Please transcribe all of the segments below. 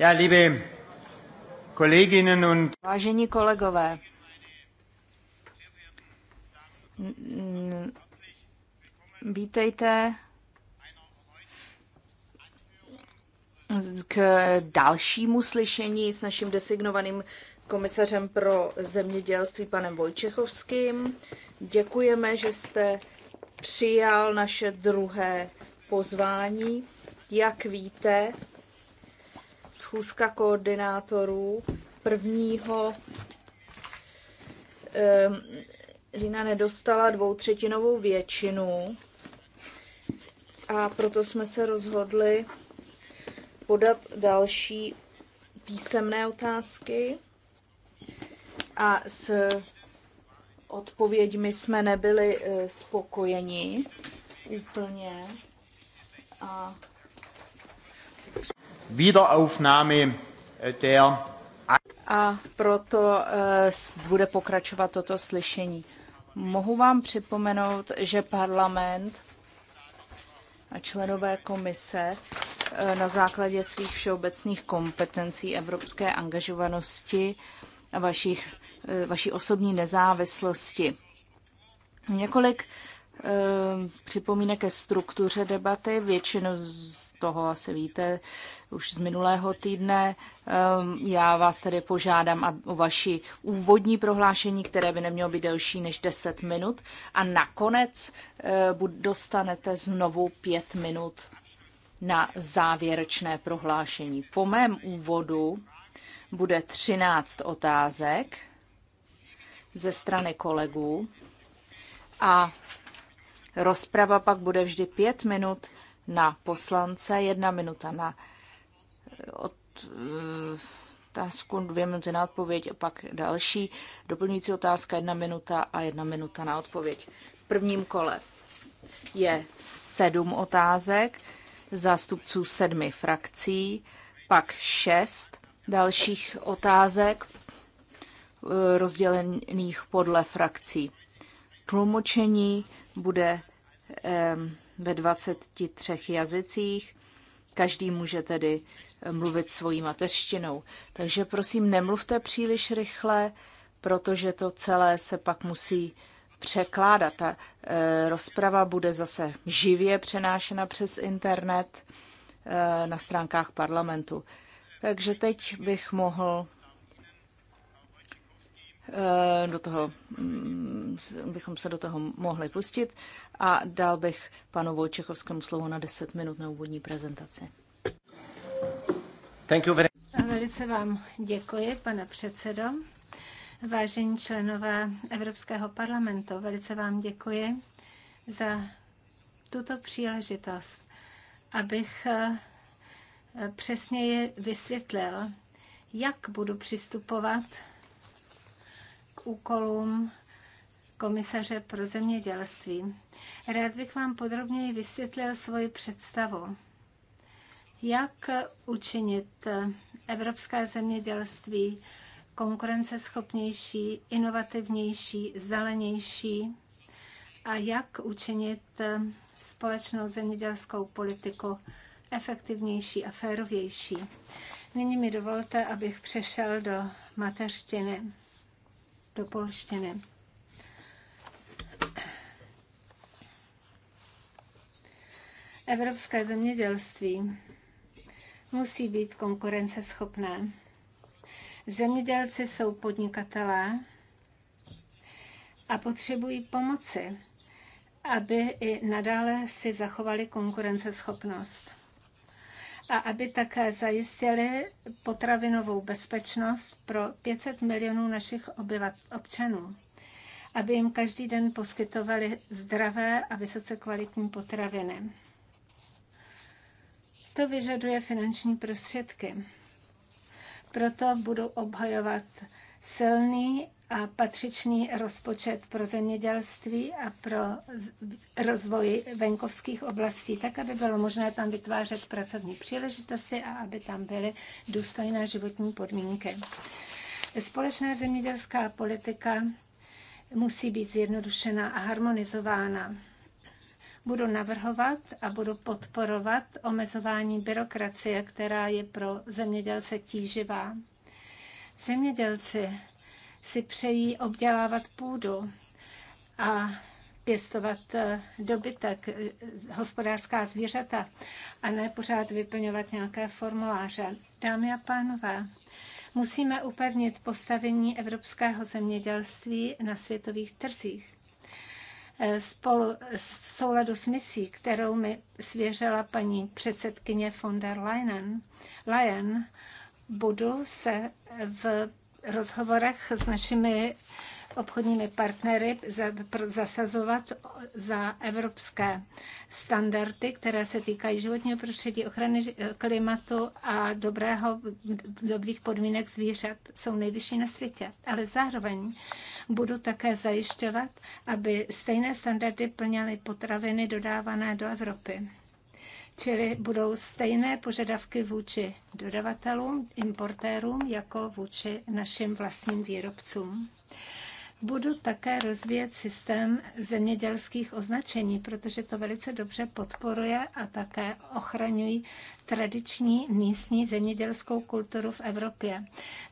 Ja, liebe Kolleginnen und Vážení kolegové, vítejte k dalšímu slyšení s naším designovaným komisařem pro zemědělství panem Vojčechovským. Děkujeme, že jste přijal naše druhé pozvání. Jak víte, schůzka koordinátorů prvního ehm, Lina nedostala dvoutřetinovou většinu a proto jsme se rozhodli podat další písemné otázky a s odpověďmi jsme nebyli e, spokojeni úplně. A Wiederaufnahme eh, der a proto eh, bude pokračovat toto slyšení. Mohu vám připomenout, že parlament a členové komise eh, na základě svých všeobecných kompetencí, evropské angažovanosti a vašich, vaší osobní nezávislosti. Několik připomínek ke struktuře debaty. Většinu z toho asi víte už z minulého týdne. Ehm, já vás tedy požádám o vaši úvodní prohlášení, které by nemělo být delší než 10 minut. A nakonec eh, dostanete znovu 5 minut na závěrečné prohlášení. Po mém úvodu bude 13 otázek ze strany kolegů a rozprava pak bude vždy pět minut na poslance, jedna minuta na eh, otázku, eh, dvě minuty na odpověď a pak další. Doplňující otázka, jedna minuta a jedna minuta na odpověď. V prvním kole je sedm otázek zástupců sedmi frakcí, pak šest dalších otázek eh, rozdělených podle frakcí. Tlumočení bude ve 23 jazycích. Každý může tedy mluvit svojí mateřštinou. Takže prosím, nemluvte příliš rychle, protože to celé se pak musí překládat. Ta e, rozprava bude zase živě přenášena přes internet e, na stránkách parlamentu. Takže teď bych mohl Eh, do toho, mm, bychom se do toho mohli pustit a dal bych panu Vojčechovskému slovo na 10 minut na úvodní prezentaci. Thank you very... A velice vám děkuji, pane předsedo. Vážení členové Evropského parlamentu, velice vám děkuji za tuto příležitost, abych eh, přesněji vysvětlil, jak budu přistupovat úkolům komisaře pro zemědělství. Rád bych vám podrobněji vysvětlil svoji představu. Jak učinit evropské zemědělství konkurenceschopnější, inovativnější, zelenější a jak učinit společnou zemědělskou politiku efektivnější a férovější. Nyní mi dovolte, abych přešel do mateřštiny do polštiny. Evropské zemědělství musí být konkurenceschopné. Zemědělci jsou podnikatelé a potřebují pomoci, aby i nadále si zachovali konkurenceschopnost a aby také zajistili potravinovou bezpečnost pro 500 milionů našich obyvat, občanů, aby jim každý den poskytovali zdravé a vysoce kvalitní potraviny. To vyžaduje finanční prostředky. Proto budu obhajovat silný a patřičný rozpočet pro zemědělství a pro rozvoj venkovských oblastí, tak aby bylo možné tam vytvářet pracovní příležitosti a aby tam byly důstojné životní podmínky. Společná zemědělská politika musí být zjednodušena a harmonizována. Budu navrhovat a budu podporovat omezování byrokracie, která je pro zemědělce tíživá. Zemědělci si přejí obdělávat půdu a pěstovat eh, dobytek, eh, hospodářská zvířata a ne pořád vyplňovat nějaké formuláře. Dámy a pánové, musíme upevnit postavení evropského zemědělství na světových trzích. Eh, spolu, v souladu s misí, kterou mi svěřila paní předsedkyně von der Leyen, Leyen budu se v rozhovorech s našimi obchodními partnery zasazovat za evropské standardy, které se týkají životního prostředí, ochrany klimatu a dobrého, dobrých podmínek zvířat, jsou nejvyšší na světě. Ale zároveň budu také zajišťovat, aby stejné standardy plněly potraviny dodávané do Evropy. Čili budou stejné požadavky vůči dodavatelům, importérům, jako vůči našim vlastním výrobcům. Budu také rozvíjet systém zemědělských označení, protože to velice dobře podporuje a také ochraňují tradiční místní zemědělskou kulturu v Evropě.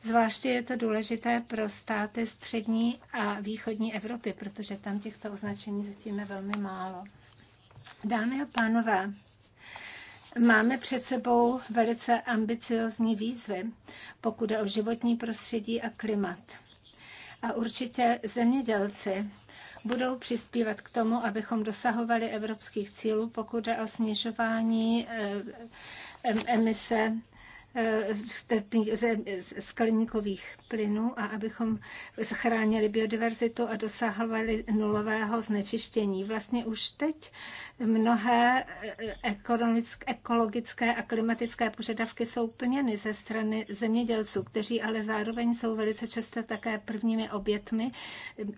Zvláště je to důležité pro státy střední a východní Evropy, protože tam těchto označení zatím je velmi málo. Dámy a pánové, Máme před sebou velice ambiciozní výzvy, pokud je o životní prostředí a klimat. A určitě zemědělci budou přispívat k tomu, abychom dosahovali evropských cílů, pokud je o snižování eh, emise E, skleníkových plynů a abychom zachránili biodiverzitu a dosahovali nulového znečištění. Vlastně už teď mnohé e, ekologické a klimatické požadavky jsou plněny ze strany zemědělců, kteří ale zároveň jsou velice často také prvními obětmi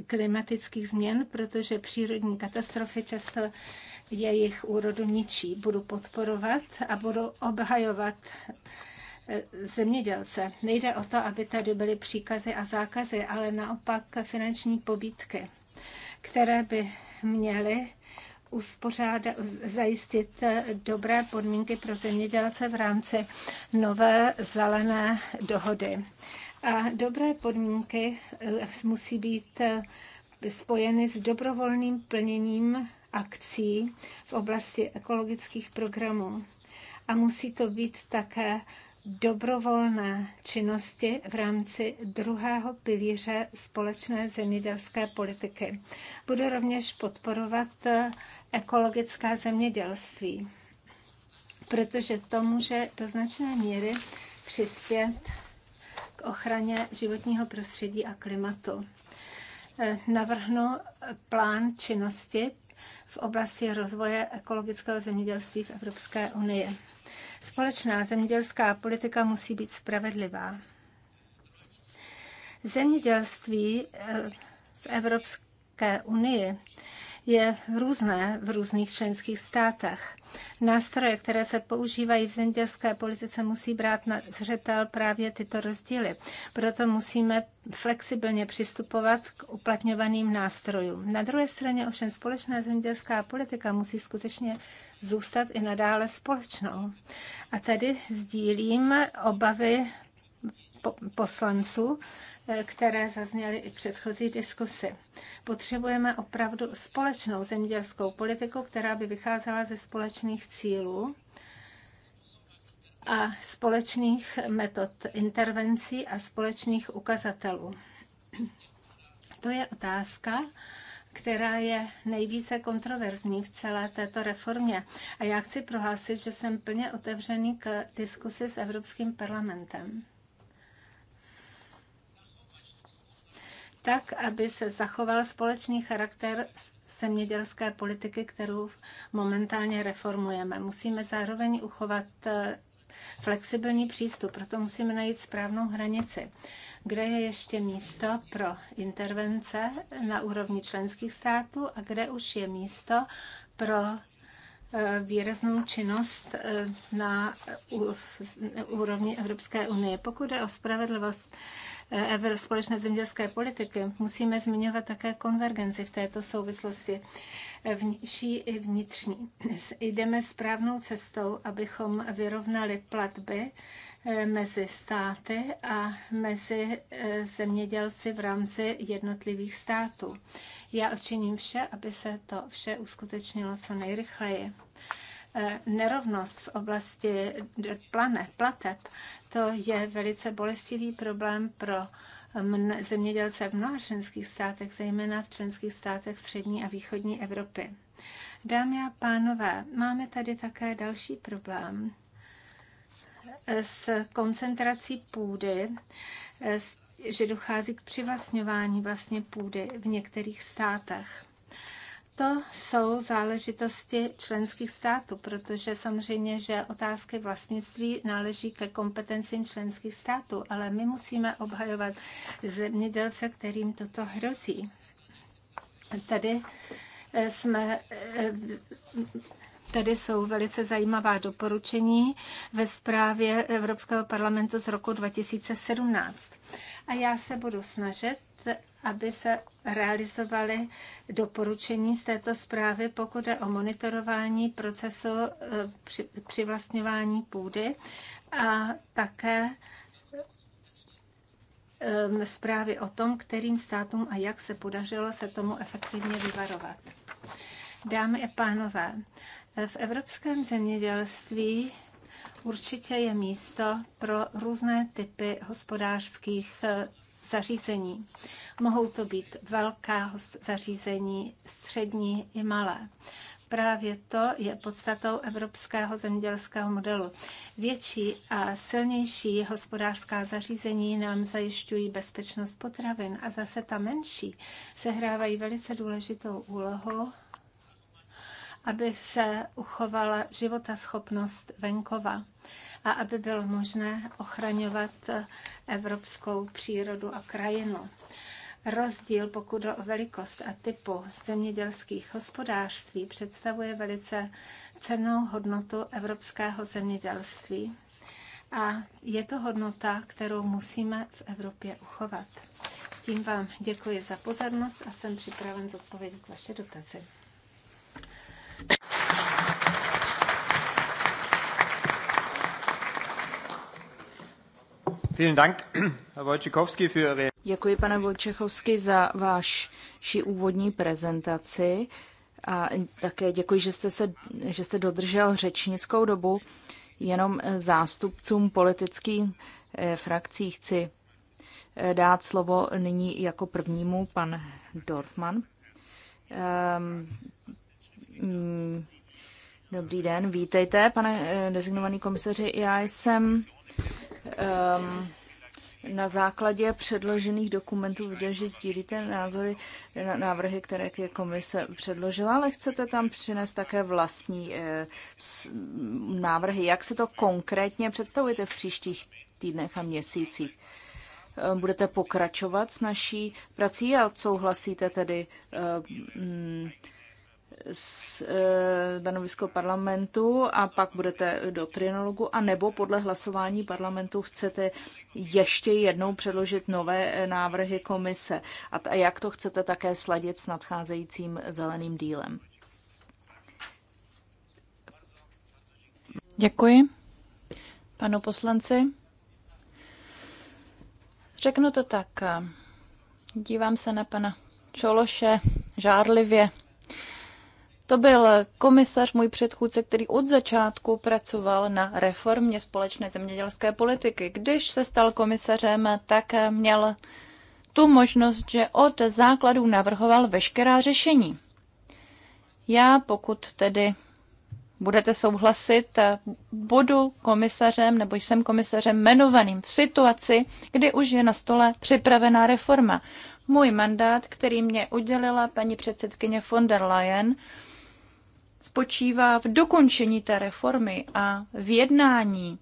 klimatických změn, protože přírodní katastrofy často jejich úrodu ničí. Budu podporovat a budu obhajovat Eh, zemědělce. Nejde o to, aby tady byly příkazy a zákazy, ale naopak finanční pobídky, které by měly uspořádat, zajistit eh, dobré podmínky pro zemědělce v rámci nové zelené dohody. A dobré podmínky eh, musí být spojeny s dobrovolným plněním akcí v oblasti ekologických programů. A musí to být také dobrovolné činnosti v rámci druhého pilíře společné zemědělské politiky. Bude rovněž podporovat eh, ekologické zemědělství, protože to může do značné míry přispět k ochraně životního prostředí a klimatu. Eh, navrhnu eh, plán činnosti v oblasti rozvoje ekologického zemědělství v Evropské unii. Společná zemědělská politika musí být spravedlivá. Zemědělství eh, v Evropské unii je různé v různých členských státech. Nástroje, které se používají v zemědělské politice, musí brát na zřetel právě tyto rozdíly. Proto musíme flexibilně přistupovat k uplatňovaným nástrojům. Na druhé straně ovšem společná zemědělská politika musí skutečně zůstat i nadále společnou. A tady sdílím obavy poslanců, které zazněly i v předchozí diskusi. Potřebujeme opravdu společnou zemědělskou politiku, která by vycházela ze společných cílů a společných metod intervencí a společných ukazatelů. To je otázka, která je nejvíce kontroverzní v celé této reformě. A já chci prohlásit, že jsem plně otevřený k diskusi s Evropským parlamentem. tak, aby se zachoval společný charakter zemědělské politiky, kterou momentálně reformujeme. Musíme zároveň uchovat eh, flexibilní přístup, proto musíme najít správnou hranici, kde je ještě místo pro intervence na úrovni členských států a kde už je místo pro eh, výraznou činnost eh, na úrovni Evropské unie. Pokud je o spravedlivost, společné zemědělské politiky, musíme zmiňovat také konvergenci v této souvislosti vnější i vnitřní. Jdeme správnou cestou, abychom vyrovnali platby eh, mezi státy a mezi eh, zemědělci v rámci jednotlivých států. Já očiním vše, aby se to vše uskutečnilo co nejrychleji eh, nerovnost v oblasti plane, plateb to je velice bolestivý problém pro zemědělce v mnoha členských státech, zejména v členských státech střední a východní Evropy. Dámy a pánové, máme tady také další problém eh, s koncentrací půdy, eh, že dochází k přivlastňování vlastně půdy v některých státech to jsou záležitosti členských států, protože samozřejmě, že otázky vlastnictví náleží ke kompetencím členských států, ale my musíme obhajovat zemědělce, kterým toto hrozí. Tady eh, jsme eh, Tady jsou velice zajímavá doporučení ve zprávě Evropského parlamentu z roku 2017. A já se budu snažit, aby se realizovaly doporučení z této zprávy, pokud je o monitorování procesu e, při, přivlastňování půdy a také zprávy o tom, kterým státům a jak se podařilo se tomu efektivně vyvarovat. Dámy a pánové, v evropském zemědělství určitě je místo pro různé typy hospodářských zařízení. Mohou to být velká zařízení, střední i malé. Právě to je podstatou evropského zemědělského modelu. Větší a silnější hospodářská zařízení nám zajišťují bezpečnost potravin a zase ta menší sehrávají velice důležitou úlohu aby se uchovala životaschopnost venkova a aby bylo možné ochraňovat evropskou přírodu a krajinu. Rozdíl, pokud o velikost a typu zemědělských hospodářství, představuje velice cenou hodnotu evropského zemědělství. A je to hodnota, kterou musíme v Evropě uchovat. Tím vám děkuji za pozornost a jsem připraven zodpovědět vaše dotazy. Děkuji, pane Vojčechovský, za vaši úvodní prezentaci a také děkuji, že jste, se, že jste dodržel řečnickou dobu. Jenom eh, zástupcům politických eh, frakcí chci eh, dát slovo nyní jako prvnímu pan Dorfman. Ehm, mm, dobrý den, vítejte, pane designovaný komisaři. Já jsem um, na základě předložených dokumentů viděl, že sdílíte názory, návrhy, které komise předložila, ale chcete tam přinést také vlastní eh, návrhy. Jak se to konkrétně představujete v příštích týdnech a měsících? Eh, budete pokračovat s naší prací a souhlasíte tedy eh, mm, E, stanovisko parlamentu a pak budete do trinologu, a nebo podle hlasování parlamentu chcete ještě jednou předložit nové e, návrhy komise. A jak to chcete také sladit s nadcházejícím zeleným dílem? Děkuji panu poslanci. Řeknu to tak. Dívám se na pana Čološe žárlivě. To byl komisař, můj předchůdce, který od začátku pracoval na reformě společné zemědělské politiky. Když se stal komisařem, tak měl tu možnost, že od základů navrhoval veškerá řešení. Já, pokud tedy budete souhlasit, budu komisařem nebo jsem komisařem jmenovaným v situaci, kdy už je na stole připravená reforma. Můj mandát, který mě udělila paní předsedkyně von der Leyen, spočívá v dokončení té reformy a v jednání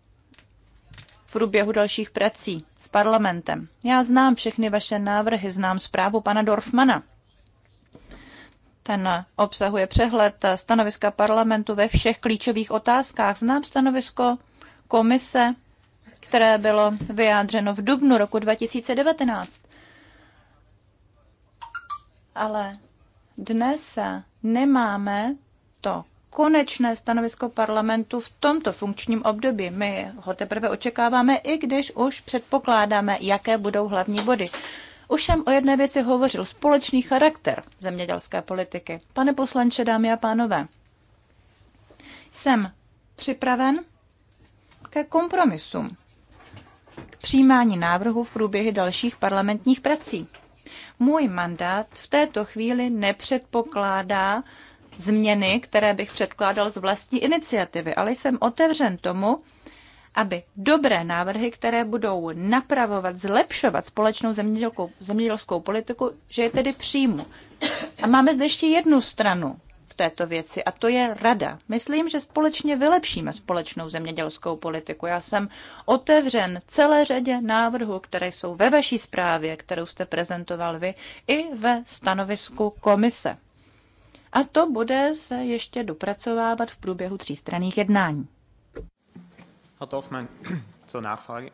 v průběhu dalších prací s parlamentem. Já znám všechny vaše návrhy, znám zprávu pana Dorfmana. Ten obsahuje přehled stanoviska parlamentu ve všech klíčových otázkách. Znám stanovisko komise, které bylo vyjádřeno v dubnu roku 2019. Ale dnes nemáme to konečné stanovisko parlamentu v tomto funkčním období. My ho teprve očekáváme, i když už předpokládáme, jaké budou hlavní body. Už jsem o jedné věci hovořil, společný charakter zemědělské politiky. Pane poslanče, dámy a pánové, jsem připraven ke kompromisům, k přijímání návrhu v průběhu dalších parlamentních prací. Můj mandát v této chvíli nepředpokládá změny, které bych předkládal z vlastní iniciativy, ale jsem otevřen tomu, aby dobré návrhy, které budou napravovat, zlepšovat společnou zemědělskou, zemědělskou politiku, že je tedy přijmu. A máme zde ještě jednu stranu v této věci a to je rada. Myslím, že společně vylepšíme společnou zemědělskou politiku. Já jsem otevřen celé řadě návrhů, které jsou ve vaší zprávě, kterou jste prezentoval vy, i ve stanovisku komise. A to bude se ještě dopracovávat v průběhu třístranných jednání. Herr Dorfmann, zur Nachfrage.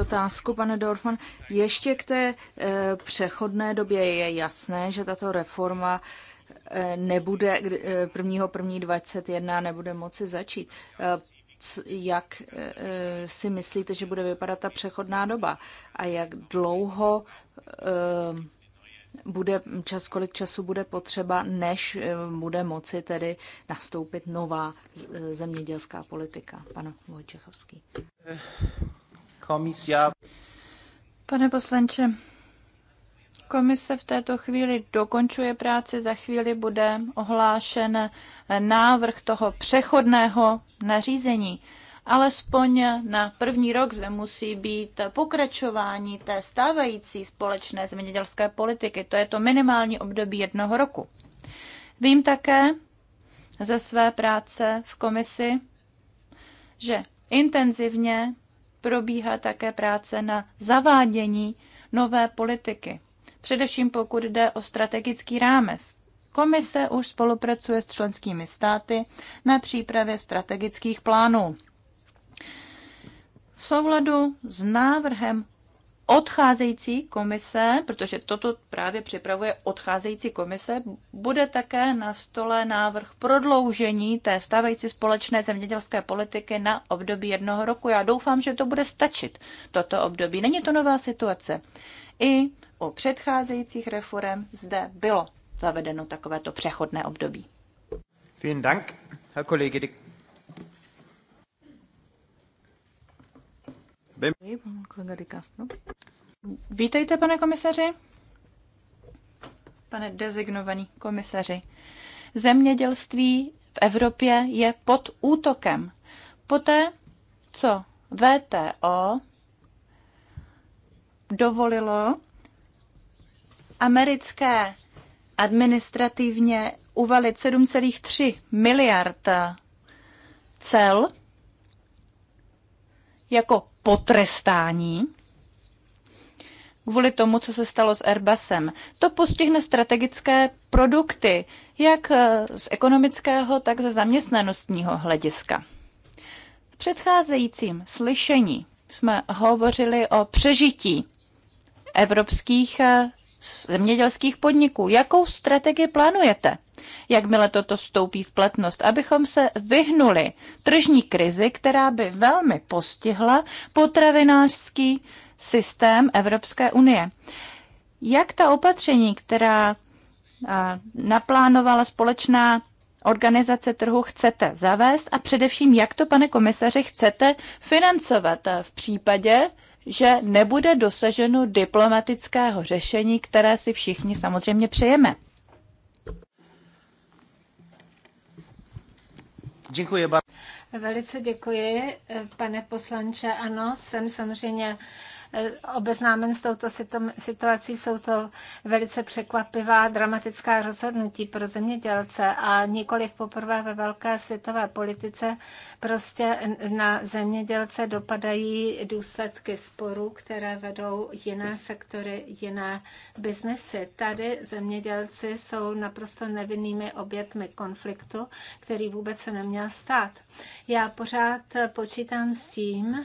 otázku, pane Dorfman. Ještě k té e, přechodné době je jasné, že tato reforma e, nebude eh, první 21 nebude moci začít. E, c, jak e, si myslíte, že bude vypadat ta přechodná doba a jak dlouho e, bude čas, kolik času bude potřeba, než eh, bude moci tedy nastoupit nová eh, zemědělská politika. pane Vojčechovský. Komisia. Pane poslanče, komise v této chvíli dokončuje práci, za chvíli bude ohlášen návrh toho přechodného nařízení alespoň na první rok zde musí být pokračování té stávající společné zemědělské politiky. To je to minimální období jednoho roku. Vím také ze své práce v komisi, že intenzivně probíhá také práce na zavádění nové politiky. Především pokud jde o strategický rámec, Komise už spolupracuje s členskými státy na přípravě strategických plánů v souladu s návrhem odcházející komise, protože toto právě připravuje odcházející komise, bude také na stole návrh prodloužení té stávající společné zemědělské politiky na období jednoho roku. Já doufám, že to bude stačit, toto období. Není to nová situace. I u předcházejících reform zde bylo zavedeno takovéto přechodné období. Vielen Dank, Herr Kollege Vítejte, pane komisaři. Pane dezignovaný komisaři. Zemědělství v Evropě je pod útokem. Poté, co VTO dovolilo americké administrativně uvalit 7,3 miliard cel jako potrestání kvůli tomu, co se stalo s Airbusem. To postihne strategické produkty, jak eh, z ekonomického, tak ze zaměstnanostního hlediska. V předcházejícím slyšení jsme hovořili o přežití evropských eh, zemědělských podniků. Jakou strategii plánujete, jakmile toto stoupí v platnost, abychom se vyhnuli tržní krizi, která by velmi postihla potravinářský systém Evropské unie? Jak ta opatření, která naplánovala společná organizace trhu chcete zavést a především, jak to, pane komisaři, chcete financovat v případě, že nebude dosaženo diplomatického řešení, které si všichni samozřejmě přejeme. Děkuji. Velice děkuji, pane poslanče. Ano, jsem samozřejmě obeznámen s touto situací. Jsou to velice překvapivá, dramatická rozhodnutí pro zemědělce a nikoli v poprvé ve velké světové politice prostě na zemědělce dopadají důsledky sporů, které vedou jiné sektory, jiné biznesy. Tady zemědělci jsou naprosto nevinnými obětmi konfliktu, který vůbec se neměl stát. Já pořád počítám s tím,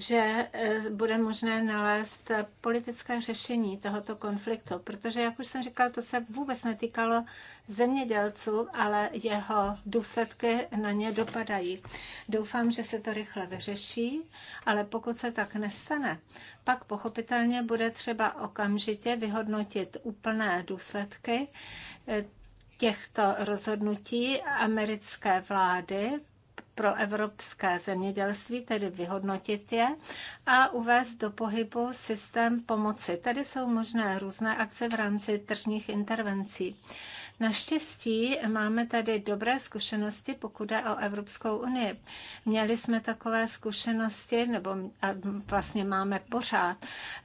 že eh, bude možné nalézt politické řešení tohoto konfliktu, protože, jak už jsem říkal, to se vůbec netýkalo zemědělců, ale jeho důsledky na ně dopadají. Doufám, že se to rychle vyřeší, ale pokud se tak nestane, pak pochopitelně bude třeba okamžitě vyhodnotit úplné důsledky eh, těchto rozhodnutí americké vlády, pro evropské zemědělství, tedy vyhodnotit je a uvést do pohybu systém pomoci. Tady jsou možné různé akce v rámci tržních intervencí. Naštěstí máme tady dobré zkušenosti, pokud jde o Evropskou unii. Měli jsme takové zkušenosti, nebo vlastně máme pořád,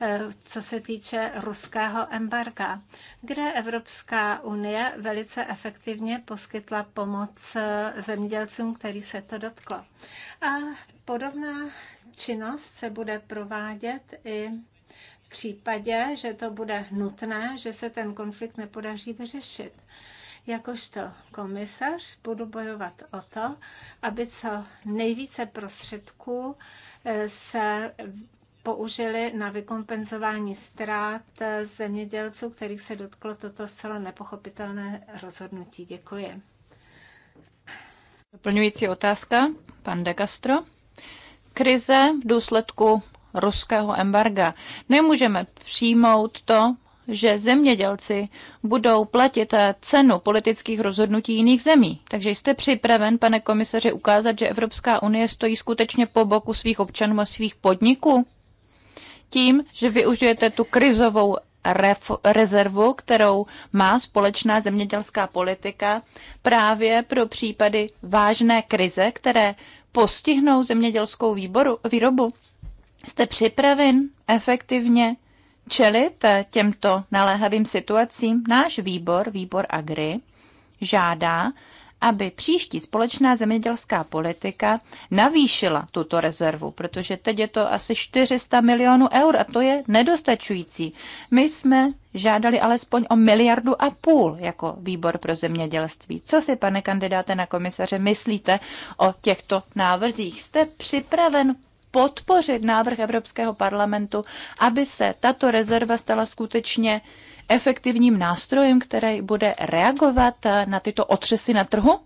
eh, co se týče ruského embarga, kde Evropská unie velice efektivně poskytla pomoc eh, zemědělcům, který se to dotklo. A podobná činnost se bude provádět i v případě, že to bude nutné, že se ten konflikt nepodaří vyřešit. Jakožto komisař budu bojovat o to, aby co nejvíce prostředků eh, se použili na vykompenzování ztrát eh, zemědělců, kterých se dotklo toto zcela nepochopitelné rozhodnutí. Děkuji. Doplňující otázka, pan De Castro. Krize v důsledku ruského embarga. Nemůžeme přijmout to, že zemědělci budou platit eh, cenu politických rozhodnutí jiných zemí. Takže jste připraven, pane komisaři, ukázat, že Evropská unie stojí skutečně po boku svých občanů a svých podniků? Tím, že využijete tu krizovou rezervu, kterou má společná zemědělská politika právě pro případy vážné krize, které postihnou zemědělskou výboru, výrobu? Jste připraven efektivně čelit eh, těmto naléhavým situacím? Náš výbor, výbor Agri, žádá, aby příští společná zemědělská politika navýšila tuto rezervu, protože teď je to asi 400 milionů eur a to je nedostačující. My jsme žádali alespoň o miliardu a půl jako výbor pro zemědělství. Co si, pane kandidáte na komisaře, myslíte o těchto návrzích? Jste připraven podpořit návrh Evropského parlamentu, aby se tato rezerva stala skutečně efektivním nástrojem, který bude reagovat eh, na tyto otřesy na trhu?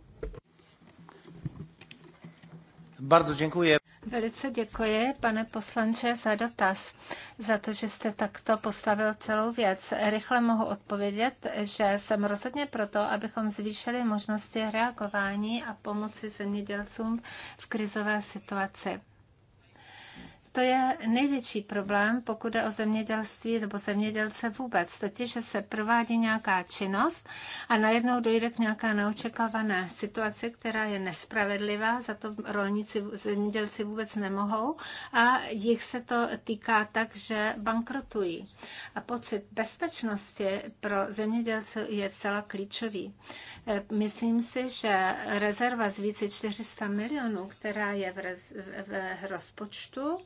Bardzo děkuji. Velice děkuji, pane poslanče, za dotaz, za to, že jste takto postavil celou věc. Rychle mohu odpovědět, že jsem rozhodně proto, abychom zvýšili možnosti reagování a pomoci zemědělcům v krizové situaci. To je největší problém, pokud je o zemědělství nebo zemědělce vůbec, totiž, že se provádí nějaká činnost a najednou dojde k nějaká neočekávané situaci, která je nespravedlivá, za to rolníci, zemědělci vůbec nemohou a jich se to týká tak, že bankrotují. A pocit bezpečnosti pro zemědělce je celá klíčový. E, myslím si, že rezerva z více 400 milionů, která je v, rez, v rozpočtu,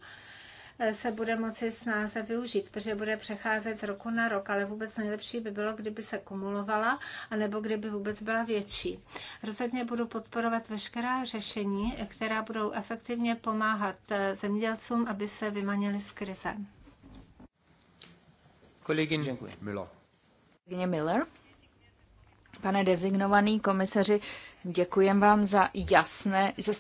se bude moci snáze využít, protože bude přecházet z roku na rok, ale vůbec nejlepší by bylo, kdyby se kumulovala, anebo kdyby vůbec byla větší. Rozhodně budu podporovat veškerá řešení, která budou efektivně pomáhat eh, zemědělcům, aby se vymanili z krize. Kolegin Miller. Kolegyně Miller. Pane dezignovaný komisaři, děkujem vám za jasné, za,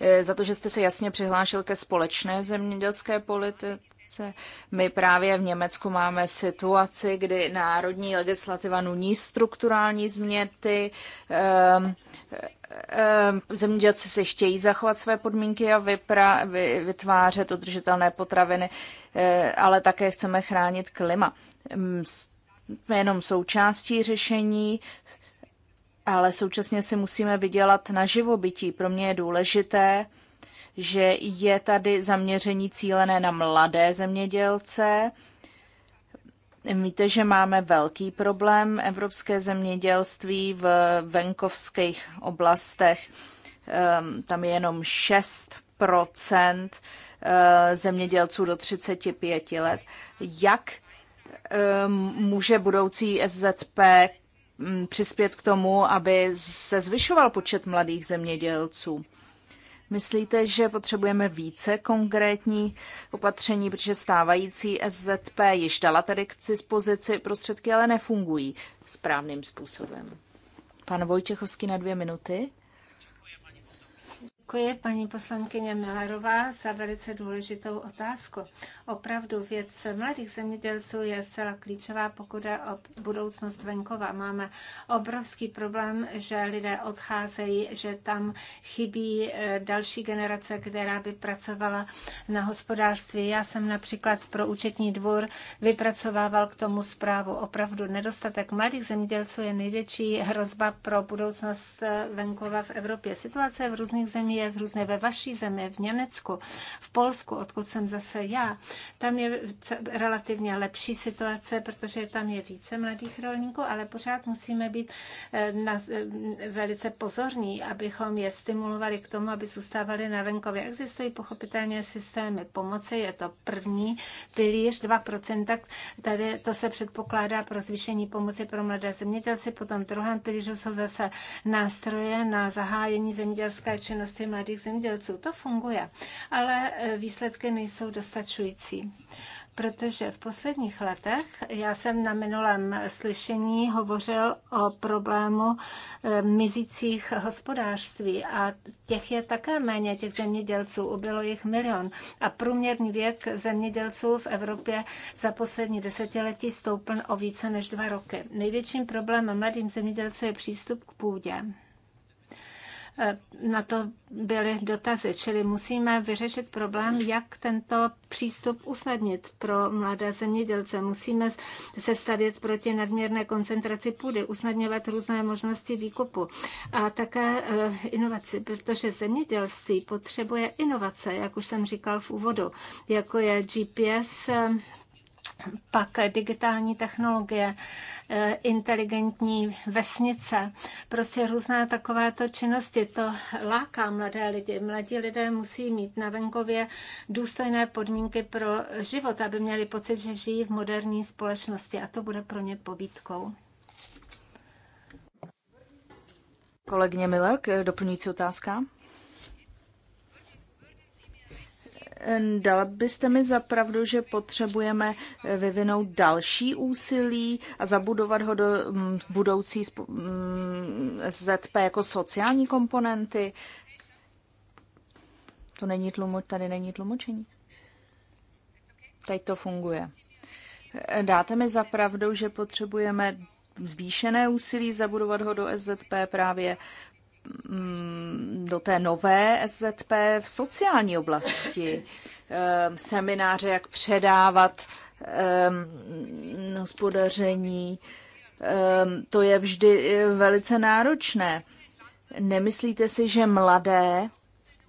eh, za to, že jste se jasně přihlášil ke společné zemědělské politice. My právě v Německu máme situaci, kdy národní legislativa nuní strukturální změny. Um, ehm, ehm, zemědělci se chtějí zachovat své podmínky a vypra, vy, vytvářet udržitelné potraviny, eh, ale také chceme chránit klima jenom součástí řešení, ale současně si musíme vydělat na živobytí. Pro mě je důležité, že je tady zaměření cílené na mladé zemědělce. Víte, že máme velký problém evropské zemědělství v venkovských oblastech. Ehm, tam je jenom 6 ehm, zemědělců do 35 let. Jak Um, může budoucí SZP mm, přispět k tomu, aby se zvyšoval počet mladých zemědělců? Myslíte, že potřebujeme více konkrétní opatření, protože stávající SZP již dala tedy k dispozici prostředky, ale nefungují správným způsobem? Pan Vojtěchovský na dvě minuty. Děkuji paní poslankyně Millerová za velice důležitou otázku. Opravdu věc mladých zemědělců je zcela klíčová, pokud je o budoucnost venkova. Máme obrovský problém, že lidé odcházejí, že tam chybí eh, další generace, která by pracovala na hospodářství. Já jsem například pro účetní dvůr vypracovával k tomu zprávu. Opravdu nedostatek mladých zemědělců je největší hrozba pro budoucnost eh, venkova v Evropě. Situace v různých zemích je v různé ve vaší zemi, v Německu, v Polsku, odkud jsem zase já, tam je relativně lepší situace, protože tam je více mladých rolníků, ale pořád musíme být eh, na, eh, velice pozorní, abychom je stimulovali k tomu, aby zůstávali na venkově. Existují pochopitelně systémy pomoci, je to první pilíř 2%, tak tady to se předpokládá pro zvýšení pomoci pro mladé zemědělce, potom druhém pilířu jsou zase nástroje na zahájení zemědělské činnosti mladých zemědělců. To funguje, ale e, výsledky nejsou dostačující protože v posledních letech, já jsem na minulém slyšení hovořil o problému e, mizících hospodářství a těch je také méně, těch zemědělců, ubylo jich milion a průměrný věk zemědělců v Evropě za poslední desetiletí stoupl o více než dva roky. Největším problémem mladým zemědělců je přístup k půdě. Eh, na to byly dotazy, čili musíme vyřešit problém, jak tento přístup usnadnit pro mladé zemědělce. Musíme se stavět proti nadměrné koncentraci půdy, usnadňovat různé možnosti výkupu a také eh, inovaci, protože zemědělství potřebuje inovace, jak už jsem říkal v úvodu, jako je GPS, pak digitální technologie, eh, inteligentní vesnice, prostě různé takovéto činnosti. To láká mladé lidi. Mladí lidé musí mít na venkově důstojné podmínky pro život, aby měli pocit, že žijí v moderní společnosti a to bude pro ně pobídkou. Kolegyně Miller, doplňující otázka? Dala byste mi zapravdu, že potřebujeme vyvinout další úsilí a zabudovat ho do mm, budoucí mm, ZP jako sociální komponenty? To není tlumočení. tady není tlumočení. Teď to funguje. Dáte mi zapravdu, že potřebujeme zvýšené úsilí zabudovat ho do SZP právě Mm, do té nové SZP v sociální oblasti. Ehm, semináře, jak předávat ehm, hospodaření, ehm, to je vždy eh, velice náročné. Nemyslíte si, že mladé,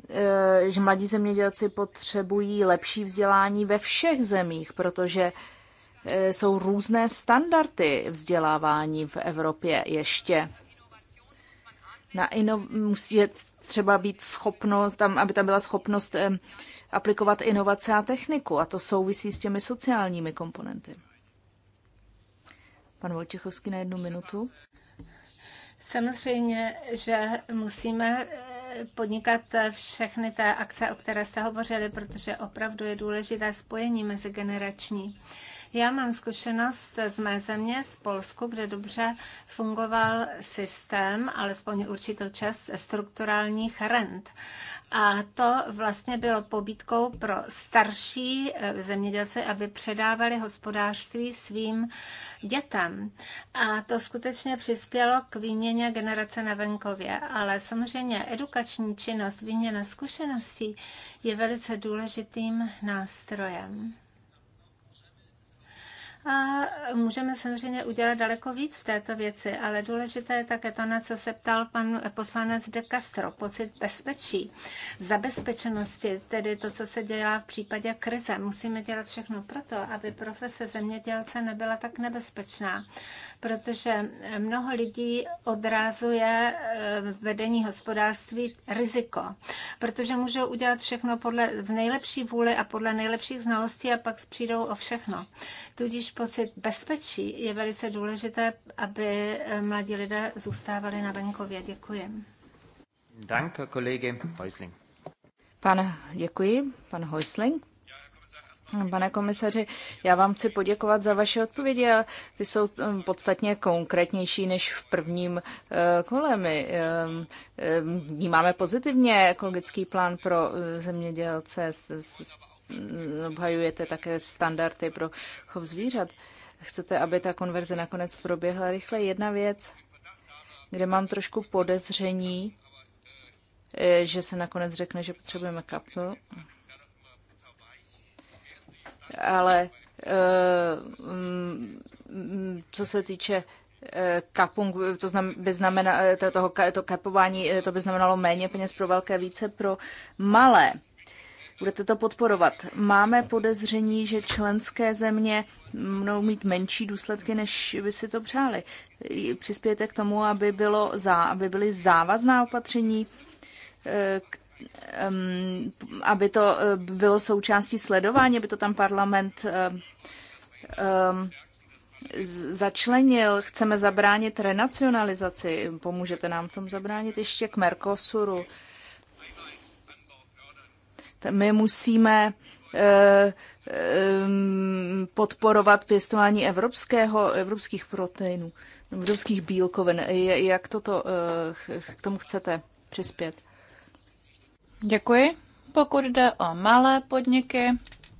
eh, že mladí zemědělci potřebují lepší vzdělání ve všech zemích, protože eh, jsou různé standardy vzdělávání v Evropě ještě na ino- musí třeba být schopnost, tam, aby tam byla schopnost eh, aplikovat inovace a techniku. A to souvisí s těmi sociálními komponenty. Pan Vojtěchovský na jednu minutu. Samozřejmě, že musíme eh, podnikat všechny té akce, o které jste hovořili, protože opravdu je důležité spojení mezigenerační. generační já mám zkušenost z mé země, z Polsku, kde dobře fungoval systém, alespoň určitou čas, strukturálních rent. A to vlastně bylo pobídkou pro starší eh, zemědělce, aby předávali hospodářství svým dětem. A to skutečně přispělo k výměně generace na venkově. Ale samozřejmě edukační činnost, výměna zkušeností je velice důležitým nástrojem. A můžeme samozřejmě udělat daleko víc v této věci, ale důležité je také to, na co se ptal pan poslanec de Castro, pocit bezpečí, zabezpečenosti, tedy to, co se dělá v případě krize. Musíme dělat všechno proto, aby profese zemědělce nebyla tak nebezpečná protože mnoho lidí odrázuje eh, vedení hospodářství riziko, protože můžou udělat všechno podle, v nejlepší vůli a podle nejlepších znalostí a pak přijdou o všechno. Tudíž pocit bezpečí je velice důležité, aby eh, mladí lidé zůstávali na venkově. Děkuji. Danke, kolegy Häusling. Pan, děkuji, pan Häusling. Pane komisaři, já vám chci poděkovat za vaše odpovědi a ty jsou um, podstatně konkrétnější než v prvním eh, kole. My ehm, ehm, vnímáme pozitivně ekologický plán pro eh, zemědělce, mm, obhajujete také standardy pro chov zvířat. Chcete, aby ta konverze nakonec proběhla rychle? Jedna věc, kde mám trošku podezření, eh, že se nakonec řekne, že potřebujeme kapl ale eh, mm, co se týče eh, kapung, to znam, by znamená, eh, to, toho, to kapování, to by znamenalo méně peněz pro velké, více pro malé. Budete to podporovat. Máme podezření, že členské země mnou mít menší důsledky, než by si to přáli. Přispějete k tomu, aby, bylo zá, aby byly závazná opatření, k Um, aby to eh, bylo součástí sledování, aby to tam parlament eh, um, začlenil. Chceme zabránit renacionalizaci. Pomůžete nám tom zabránit ještě k Mercosuru. My musíme eh, podporovat pěstování evropského, evropských proteinů, evropských bílkovin. Jak toto k tomu chcete přispět? Děkuji. Pokud jde o malé podniky,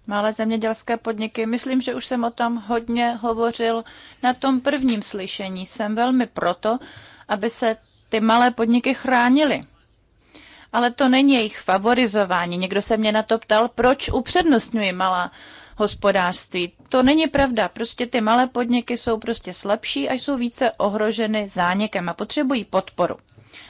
malé zemědělské podniky, myslím, že už jsem o tom hodně hovořil na tom prvním slyšení. Jsem velmi proto, aby se ty malé podniky chránily. Ale to není jejich favorizování. Někdo se mě na to ptal, proč upřednostňuji malá hospodářství. To není pravda. Prostě ty malé podniky jsou prostě slabší a jsou více ohroženy zánikem a potřebují podporu.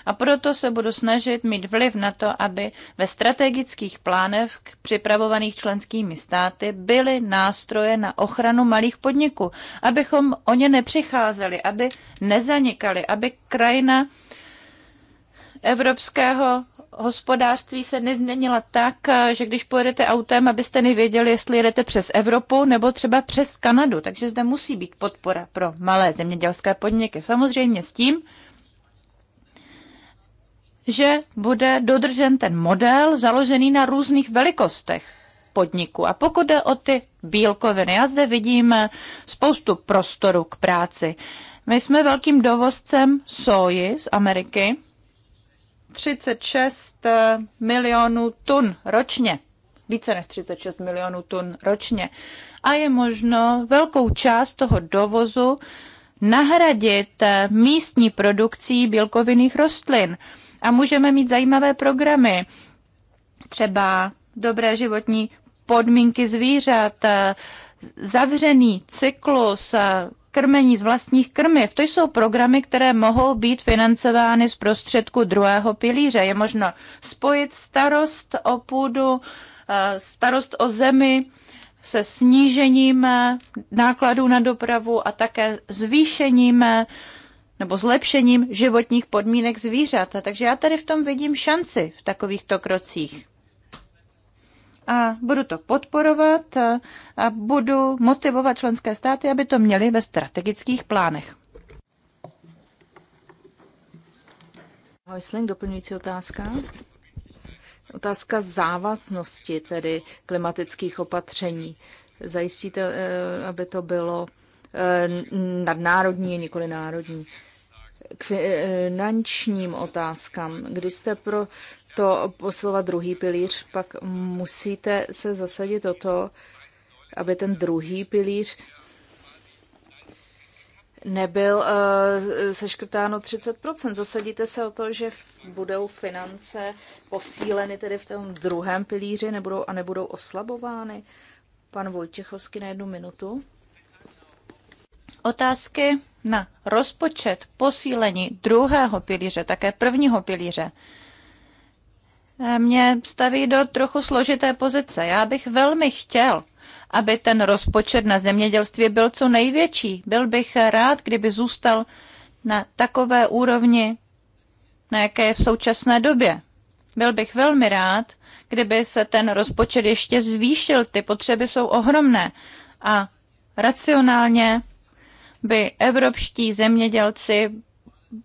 A proto se budu snažit mít vliv na to, aby ve strategických plánech připravovaných členskými státy byly nástroje na ochranu malých podniků, abychom o ně nepřicházeli, aby nezanikali, aby krajina evropského hospodářství se nezměnila tak, že když pojedete autem, abyste nevěděli, jestli jedete přes Evropu nebo třeba přes Kanadu. Takže zde musí být podpora pro malé zemědělské podniky. Samozřejmě s tím, že bude dodržen ten model založený na různých velikostech podniku. A pokud jde o ty bílkoviny, já zde vidím eh, spoustu prostoru k práci. My jsme velkým dovozcem soji z Ameriky, 36 eh, milionů tun ročně, více než 36 milionů tun ročně. A je možno velkou část toho dovozu nahradit eh, místní produkcí bílkovinných rostlin a můžeme mít zajímavé programy, třeba dobré životní podmínky zvířat, eh, zavřený cyklus, eh, krmení z vlastních krmiv. To jsou programy, které mohou být financovány z prostředku druhého pilíře. Je možno spojit starost o půdu, eh, starost o zemi se snížením nákladů na dopravu a také zvýšením nebo zlepšením životních podmínek zvířat. Takže já tady v tom vidím šanci v takovýchto krocích. A budu to podporovat a, budu motivovat členské státy, aby to měly ve strategických plánech. Sling, doplňující otázka. Otázka závaznosti tedy klimatických opatření. Zajistíte, eh, aby to bylo Eh, nadnárodní, nikoli národní. K eh, finančním otázkám, když jste pro to poslova druhý pilíř, pak musíte se zasadit o to, aby ten druhý pilíř nebyl uh, seškrtáno 30%. Zasadíte se o to, že budou finance posíleny tedy v tom druhém pilíři nebudou, a nebudou oslabovány? Pan Vojtěchovský na jednu minutu otázky na rozpočet posílení druhého pilíře, také prvního pilíře, mě staví do trochu složité pozice. Já bych velmi chtěl, aby ten rozpočet na zemědělství byl co největší. Byl bych rád, kdyby zůstal na takové úrovni, na jaké je v současné době. Byl bych velmi rád, kdyby se ten rozpočet ještě zvýšil. Ty potřeby jsou ohromné a racionálně by evropští zemědělci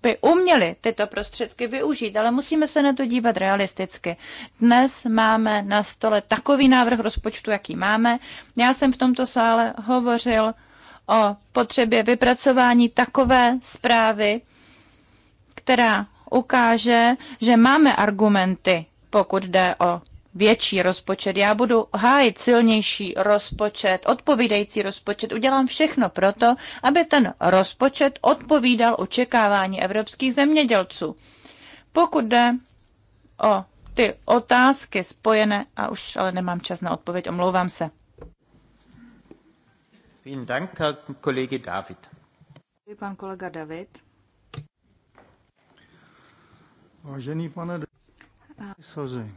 by uměli tyto prostředky využít, ale musíme se na to dívat realisticky. Dnes máme na stole takový návrh rozpočtu, jaký máme. Já jsem v tomto sále hovořil o potřebě vypracování takové zprávy, která ukáže, že máme argumenty, pokud jde o větší rozpočet, já budu hájit silnější rozpočet, odpovídající rozpočet, udělám všechno proto, aby ten rozpočet odpovídal očekávání evropských zemědělců. Pokud jde o ty otázky spojené, a už ale nemám čas na odpověď, omlouvám se. Vielen Dank, kolegy David. Pan kolega David. Vážený pane Sozy,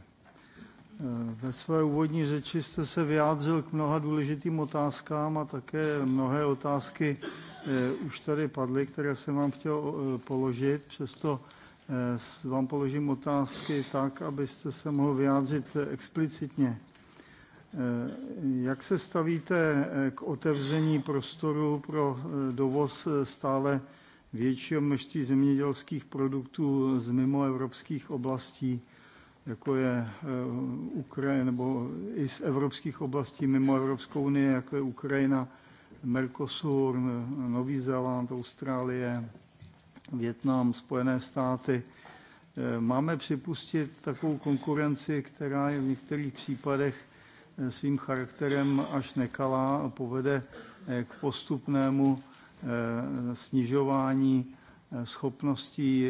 Eh, ve své úvodní řeči jste se vyjádřil k mnoha důležitým otázkám a také mnohé otázky eh, už tady padly, které jsem vám chtěl eh, položit. Přesto vám položím otázky tak, abyste se mohl vyjádřit explicitně. Jak se stavíte k otevření prostoru pro dovoz stále většího množství zemědělských produktů z mimoevropských oblastí? jako je eh, Ukrajina, nebo i z evropských oblastí mimo Evropskou unii, jako je Ukrajina, Mercosur, Nový Zéland, Austrálie, Větnam, Spojené státy. Eh, máme připustit takovou konkurenci, která je v některých případech eh, svým charakterem až nekalá a povede k postupnému snižování schopností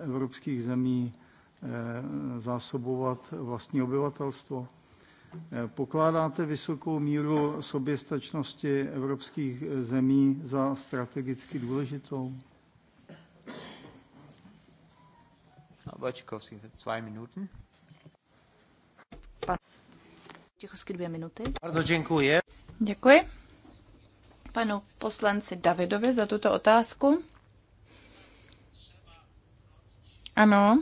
evropských zemí Eh, zásobovat vlastní obyvatelstvo? Eh, pokládáte vysokou míru soběstačnosti evropských eh, zemí za strategicky důležitou? Vojčkovský, dvě minuty. Bardzo děkuji. Děkuji panu poslanci Davidovi za tuto otázku. Ano,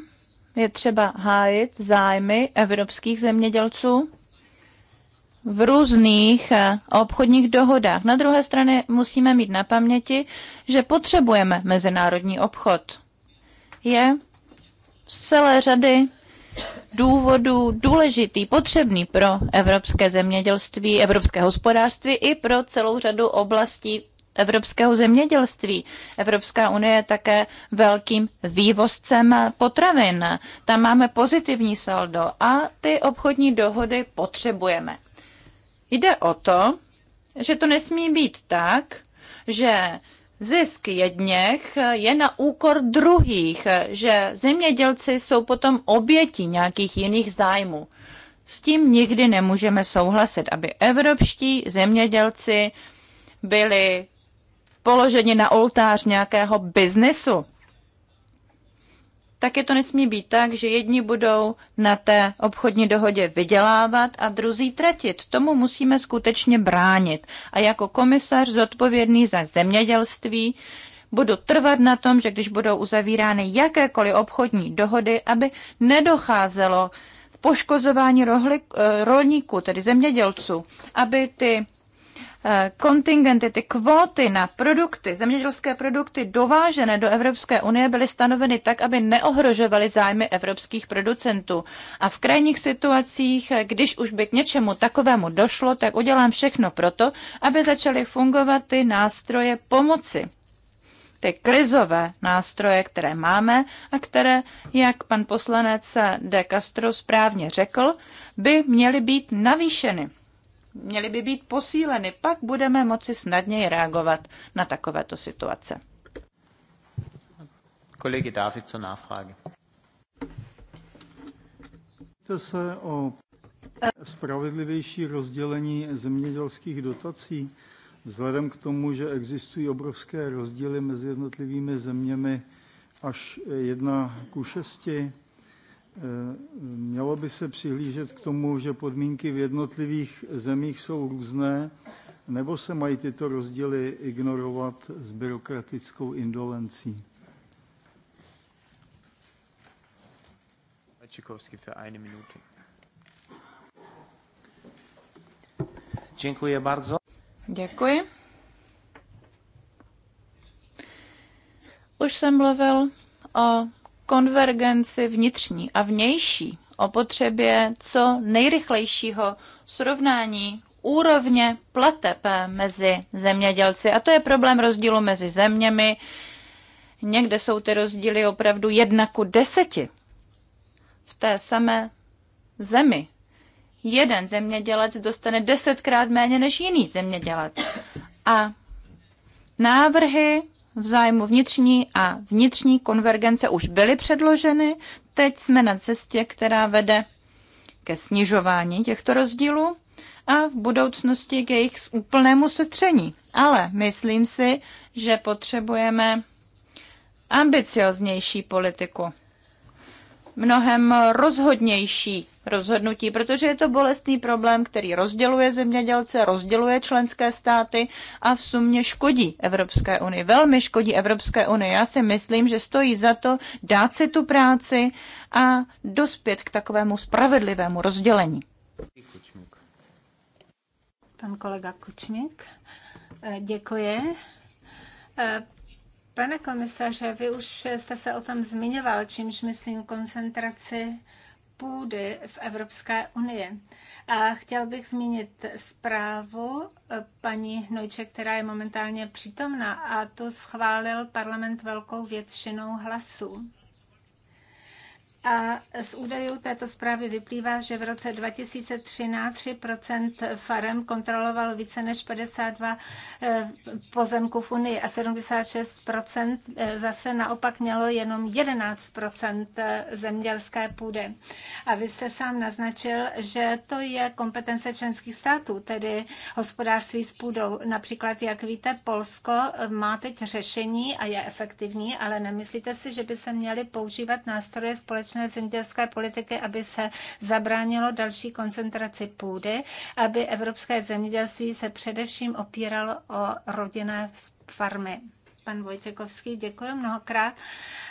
je třeba hájit zájmy evropských zemědělců v různých eh, obchodních dohodách. Na druhé straně musíme mít na paměti, že potřebujeme mezinárodní obchod. Je z celé řady důvodů důležitý, potřebný pro evropské zemědělství, evropské hospodářství i pro celou řadu oblastí evropského zemědělství. Evropská unie je také velkým vývozcem potravin. Tam máme pozitivní saldo a ty obchodní dohody potřebujeme. Jde o to, že to nesmí být tak, že zisk jedněch je na úkor druhých, že zemědělci jsou potom oběti nějakých jiných zájmů. S tím nikdy nemůžeme souhlasit, aby evropští zemědělci byli položeni na oltář nějakého biznesu, je to nesmí být tak, že jedni budou na té obchodní dohodě vydělávat a druzí tratit. Tomu musíme skutečně bránit. A jako komisař zodpovědný za zemědělství budu trvat na tom, že když budou uzavírány jakékoliv obchodní dohody, aby nedocházelo poškozování rohlik, eh, rolníků, tedy zemědělců, aby ty Eh, kontingenty, ty kvóty na produkty, zemědělské produkty dovážené do Evropské unie byly stanoveny tak, aby neohrožovaly zájmy evropských producentů. A v krajních situacích, eh, když už by k něčemu takovému došlo, tak udělám všechno proto, aby začaly fungovat ty nástroje pomoci ty krizové nástroje, které máme a které, jak pan poslanec De Castro správně řekl, by měly být navýšeny měly by být posíleny. Pak budeme moci snadněji reagovat na takovéto situace. Kolegy David, co náfrage. To se o spravedlivější rozdělení zemědělských dotací. Vzhledem k tomu, že existují obrovské rozdíly mezi jednotlivými zeměmi, až jedna ku šesti, Eh, mělo by se přihlížet k tomu, že podmínky v jednotlivých zemích jsou různé, nebo se mají tyto rozdíly ignorovat s byrokratickou indolencí? Wojciechowski für eine Minute. Dziękuję bardzo. Děkuji. Už jsem mluvil o konvergenci vnitřní a vnější, o potřebě co nejrychlejšího srovnání úrovně plateb eh, mezi zemědělci. A to je problém rozdílu mezi zeměmi. Někde jsou ty rozdíly opravdu jedna ku deseti. V té samé zemi jeden zemědělec dostane desetkrát méně než jiný zemědělec. A návrhy v zájmu vnitřní a vnitřní konvergence už byly předloženy. Teď jsme na cestě, která vede ke snižování těchto rozdílů a v budoucnosti k jejich úplnému setření. Ale myslím si, že potřebujeme ambicioznější politiku, mnohem rozhodnější rozhodnutí, protože je to bolestný problém, který rozděluje zemědělce, rozděluje členské státy a v sumě škodí Evropské unii. Velmi škodí Evropské unii. Já si myslím, že stojí za to dát si tu práci a dospět k takovému spravedlivému rozdělení. Kučmík. Pan kolega Kučmík, eh, děkuji. Eh, pane komisaře, vy už jste se o tom zmiňoval, čímž myslím koncentraci půdy v Evropské unii. A chtěl bych zmínit zprávu eh, paní Hnojče, která je momentálně přítomna a tu schválil parlament velkou většinou hlasů. A z údajů této zprávy vyplývá, že v roce 2013 3 farem kontrolovalo více než 52 eh, pozemků v Unii a 76 eh, zase naopak mělo jenom 11 eh, zemědělské půdy. A vy jste sám naznačil, že to je kompetence členských států, tedy hospodářství s půdou. Například, jak víte, Polsko má teď řešení a je efektivní, ale nemyslíte si, že by se měly používat nástroje společnosti společné zemědělské politiky, aby se zabránilo další koncentraci půdy, aby evropské zemědělství se především opíralo o rodinné farmy pan Vojtěkovský. Děkuji mnohokrát,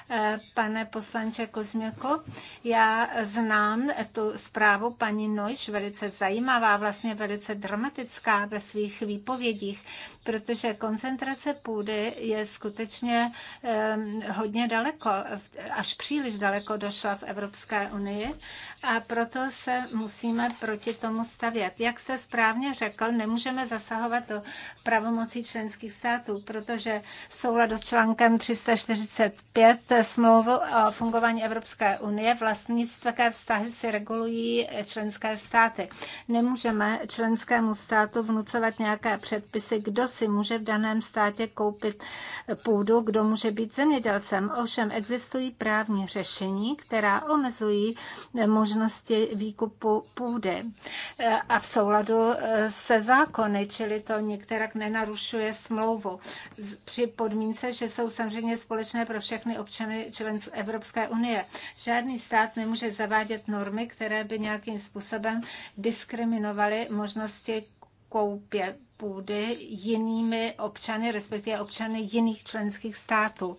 eh, pane poslanče Kozměko, Já znám tu zprávu paní Nojš, velice zajímavá, vlastně velice dramatická ve svých výpovědích, protože koncentrace půdy je skutečně eh, hodně daleko, až příliš daleko došla v Evropské unii a proto se musíme proti tomu stavět. Jak se správně řekl, nemůžeme zasahovat do pravomocí členských států, protože souladu s článkem 345 smlouvy o fungování Evropské unie vlastnické vztahy si regulují členské státy. Nemůžeme členskému státu vnucovat nějaké předpisy, kdo si může v daném státě koupit půdu, kdo může být zemědělcem. Ovšem existují právní řešení, která omezují možnosti výkupu půdy a v souladu se zákony, čili to některak nenarušuje smlouvu. Při pod podmínce, že jsou samozřejmě společné pro všechny občany členů Evropské unie. Žádný stát nemůže zavádět normy, které by nějakým způsobem diskriminovaly možnosti koupě půdy jinými občany, respektive občany jiných členských států.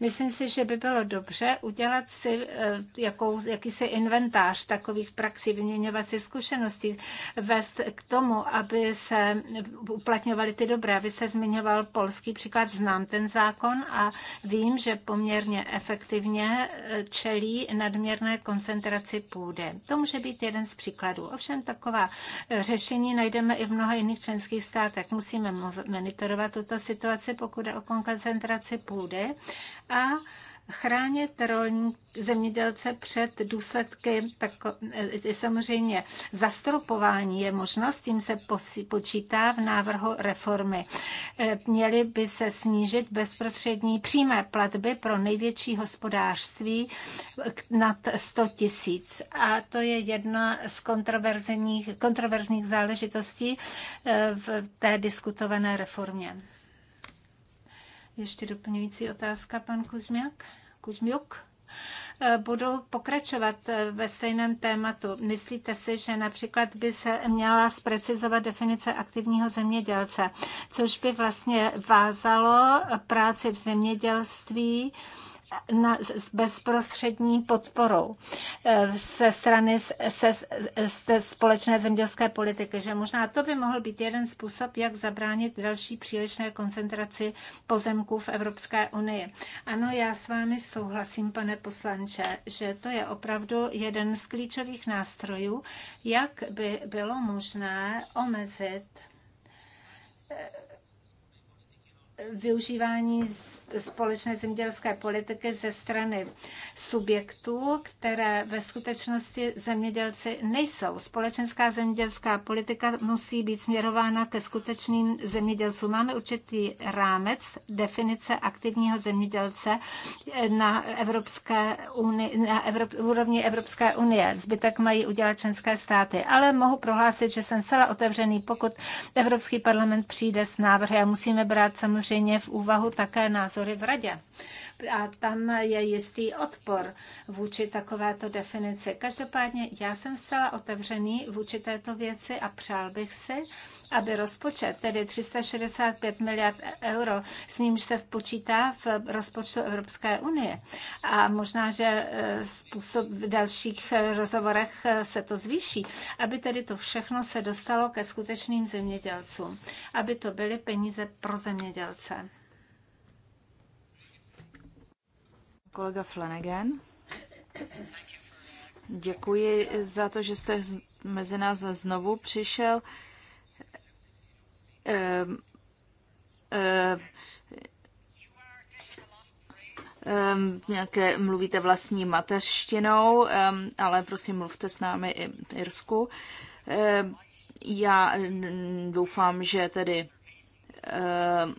Myslím si, že by bylo dobře udělat si eh, jakou, jakýsi inventář takových praxí, vyměňovat si zkušenosti, vést k tomu, aby se uplatňovaly ty dobré. Vy se zmiňoval polský příklad, znám ten zákon a vím, že poměrně efektivně eh, čelí nadměrné koncentraci půdy. To může být jeden z příkladů. Ovšem taková eh, řešení najdeme i v mnoha jiných členských tak Musíme monitorovat tuto situaci, pokud o koncentraci půdy a chránit rolní zemědělce před důsledky, tak eh, samozřejmě zastropování je možnost, tím se počítá v návrhu reformy. Eh, měly by se snížit bezprostřední přímé platby pro největší hospodářství eh, nad 100 tisíc. A to je jedna z kontroverzních, kontroverzních záležitostí v té diskutované reformě. Ještě doplňující otázka, pan Kuzmiak? Kuzmiuk? Eh, budu pokračovat eh, ve stejném tématu. Myslíte si, že například by se měla zprecizovat definice aktivního zemědělce, což by vlastně vázalo práci v zemědělství na, s bezprostřední podporou ze eh, strany se, se společné zemědělské politiky, že možná to by mohl být jeden způsob, jak zabránit další přílišné koncentraci pozemků v Evropské unii. Ano, já s vámi souhlasím, pane poslanče, že to je opravdu jeden z klíčových nástrojů, jak by bylo možné omezit využívání společné zemědělské politiky ze strany subjektů, které ve skutečnosti zemědělci nejsou. Společenská zemědělská politika musí být směrována ke skutečným zemědělcům. Máme určitý rámec definice aktivního zemědělce na, Evropské unii, na Evrop, úrovni Evropské unie. Zbytek mají udělat členské státy. Ale mohu prohlásit, že jsem celá otevřený, pokud Evropský parlament přijde s návrhy a musíme brát samozřejmě samozřejmě v úvahu také názory v radě. A tam je jistý odpor vůči takovéto definici. Každopádně já jsem zcela otevřený vůči této věci a přál bych si, aby rozpočet, tedy 365 miliard euro, s nímž se počítá v rozpočtu Evropské unie. A možná, že e, způsob v dalších e, rozhovorech e, se to zvýší, aby tedy to všechno se dostalo ke skutečným zemědělcům. Aby to byly peníze pro zemědělce situace. Kolega Flanagan. Děkuji za to, že jste mezi nás znovu přišel. Ehm, um, nějaké, mluvíte vlastní mateřštinou, um, ale prosím, mluvte s námi i v Irsku. Um, já doufám, že tedy um,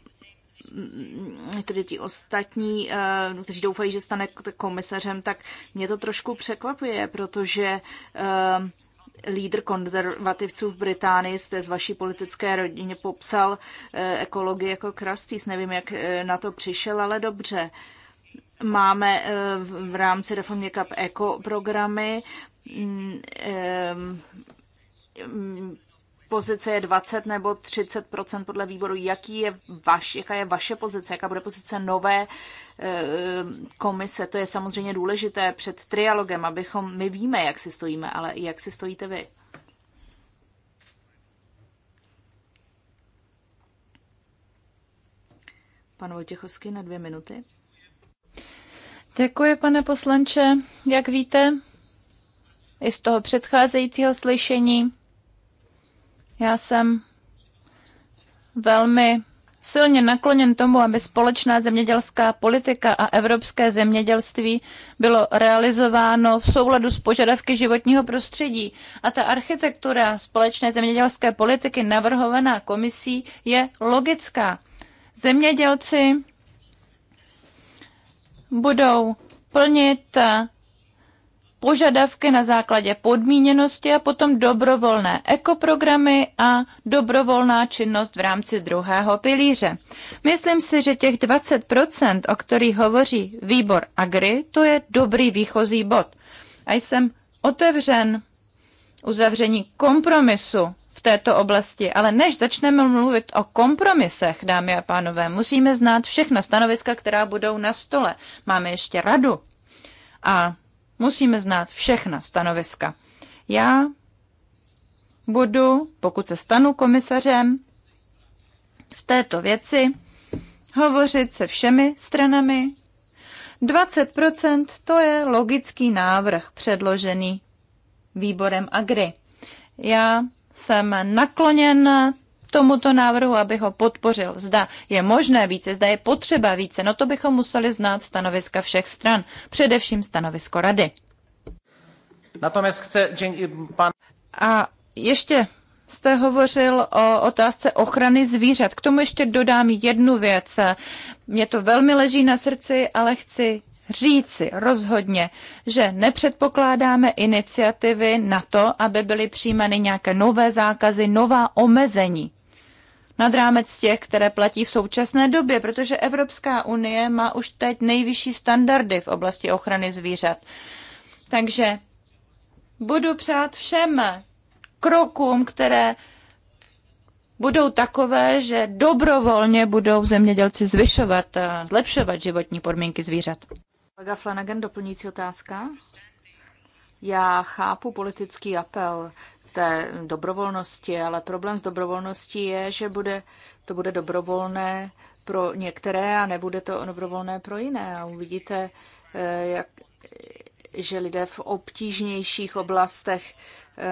tedy ti ostatní, eh, no, kteří doufají, že stane komisařem, tak mě to trošku překvapuje, protože eh, lídr konzervativců v Británii jste z vaší politické rodině popsal eh, ekologii jako krastýs. Nevím, jak na to přišel, ale dobře. Máme v rámci reformy Cup Eco programy mm, pozice je 20 nebo 30 podle výboru. Jaký je vaš, jaká je vaše pozice, jaká bude pozice nové eh, komise? To je samozřejmě důležité před trialogem, abychom, my víme, jak si stojíme, ale i jak si stojíte vy. Pan Vojtěchovský na dvě minuty. Děkuji, pane poslanče. Jak víte, i z toho předcházejícího slyšení já jsem velmi silně nakloněn tomu, aby společná zemědělská politika a evropské zemědělství bylo realizováno v souladu s požadavky životního prostředí. A ta architektura společné zemědělské politiky navrhovaná komisí je logická. Zemědělci budou plnit požadavky na základě podmíněnosti a potom dobrovolné ekoprogramy a dobrovolná činnost v rámci druhého pilíře. Myslím si, že těch 20%, o kterých hovoří výbor Agri, to je dobrý výchozí bod. A jsem otevřen uzavření kompromisu v této oblasti, ale než začneme mluvit o kompromisech, dámy a pánové, musíme znát všechna stanoviska, která budou na stole. Máme ještě radu. A Musíme znát všechna stanoviska. Já budu, pokud se stanu komisařem, v této věci hovořit se všemi stranami. 20% to je logický návrh předložený výborem Agri. Já jsem nakloněn tomuto návrhu, abych ho podpořil. Zda je možné více, zda je potřeba více, no to bychom museli znát stanoviska všech stran, především stanovisko rady. tom chce pan... A ještě jste hovořil o otázce ochrany zvířat. K tomu ještě dodám jednu věc. Mně to velmi leží na srdci, ale chci říci rozhodně, že nepředpokládáme iniciativy na to, aby byly přijímány nějaké nové zákazy, nová omezení nad rámec těch, které platí v současné době, protože Evropská unie má už teď nejvyšší standardy v oblasti ochrany zvířat. Takže budu přát všem krokům, které budou takové, že dobrovolně budou zemědělci zvyšovat a eh, zlepšovat životní podmínky zvířat. Kolega Flanagan, doplňující otázka. Já chápu politický apel té dobrovolnosti, ale problém s dobrovolností je, že bude, to bude dobrovolné pro některé a nebude to dobrovolné pro jiné. A uvidíte, eh, jak, že lidé v obtížnějších oblastech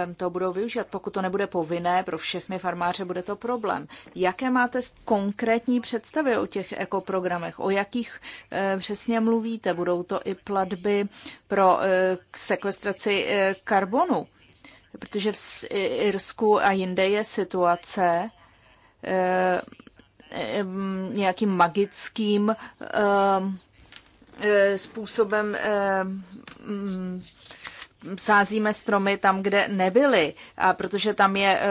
eh, to budou využívat. Pokud to nebude povinné pro všechny farmáře, bude to problém. Jaké máte konkrétní představy o těch ekoprogramech? O jakých eh, přesně mluvíte? Budou to i platby pro sekvestraci karbonu? protože v Irsku a jinde je situace eh, nějakým magickým eh, eh, způsobem sázíme stromy tam, kde nebyly, a protože tam je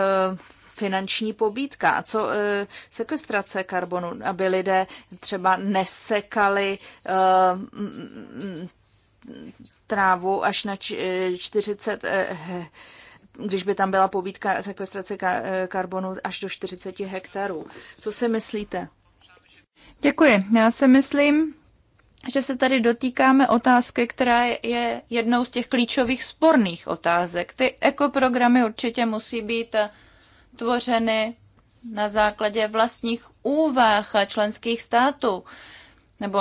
finanční pobídka. A co sekvestrace karbonu, aby lidé třeba nesekali trávu až na 40 když by tam byla pobídka sekvestrace eh, karbonu až do 40 hektarů. Co si myslíte? Děkuji. Já si myslím, že se tady dotýkáme otázky, která je jednou z těch klíčových sporných otázek. Ty ekoprogramy určitě musí být eh, tvořeny na základě vlastních úvah členských států nebo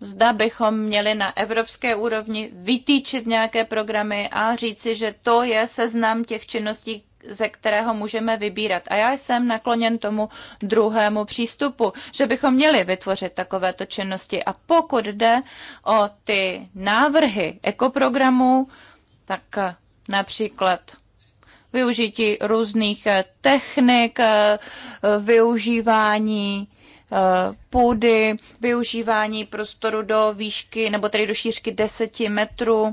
zda bychom měli na evropské úrovni vytýčit nějaké programy a říci, že to je seznam těch činností, ze kterého můžeme vybírat. A já jsem nakloněn tomu druhému přístupu, že bychom měli vytvořit takovéto činnosti. A pokud jde o ty návrhy ekoprogramů, tak například využití různých technik, využívání půdy, využívání prostoru do výšky nebo tedy do šířky 10 metrů,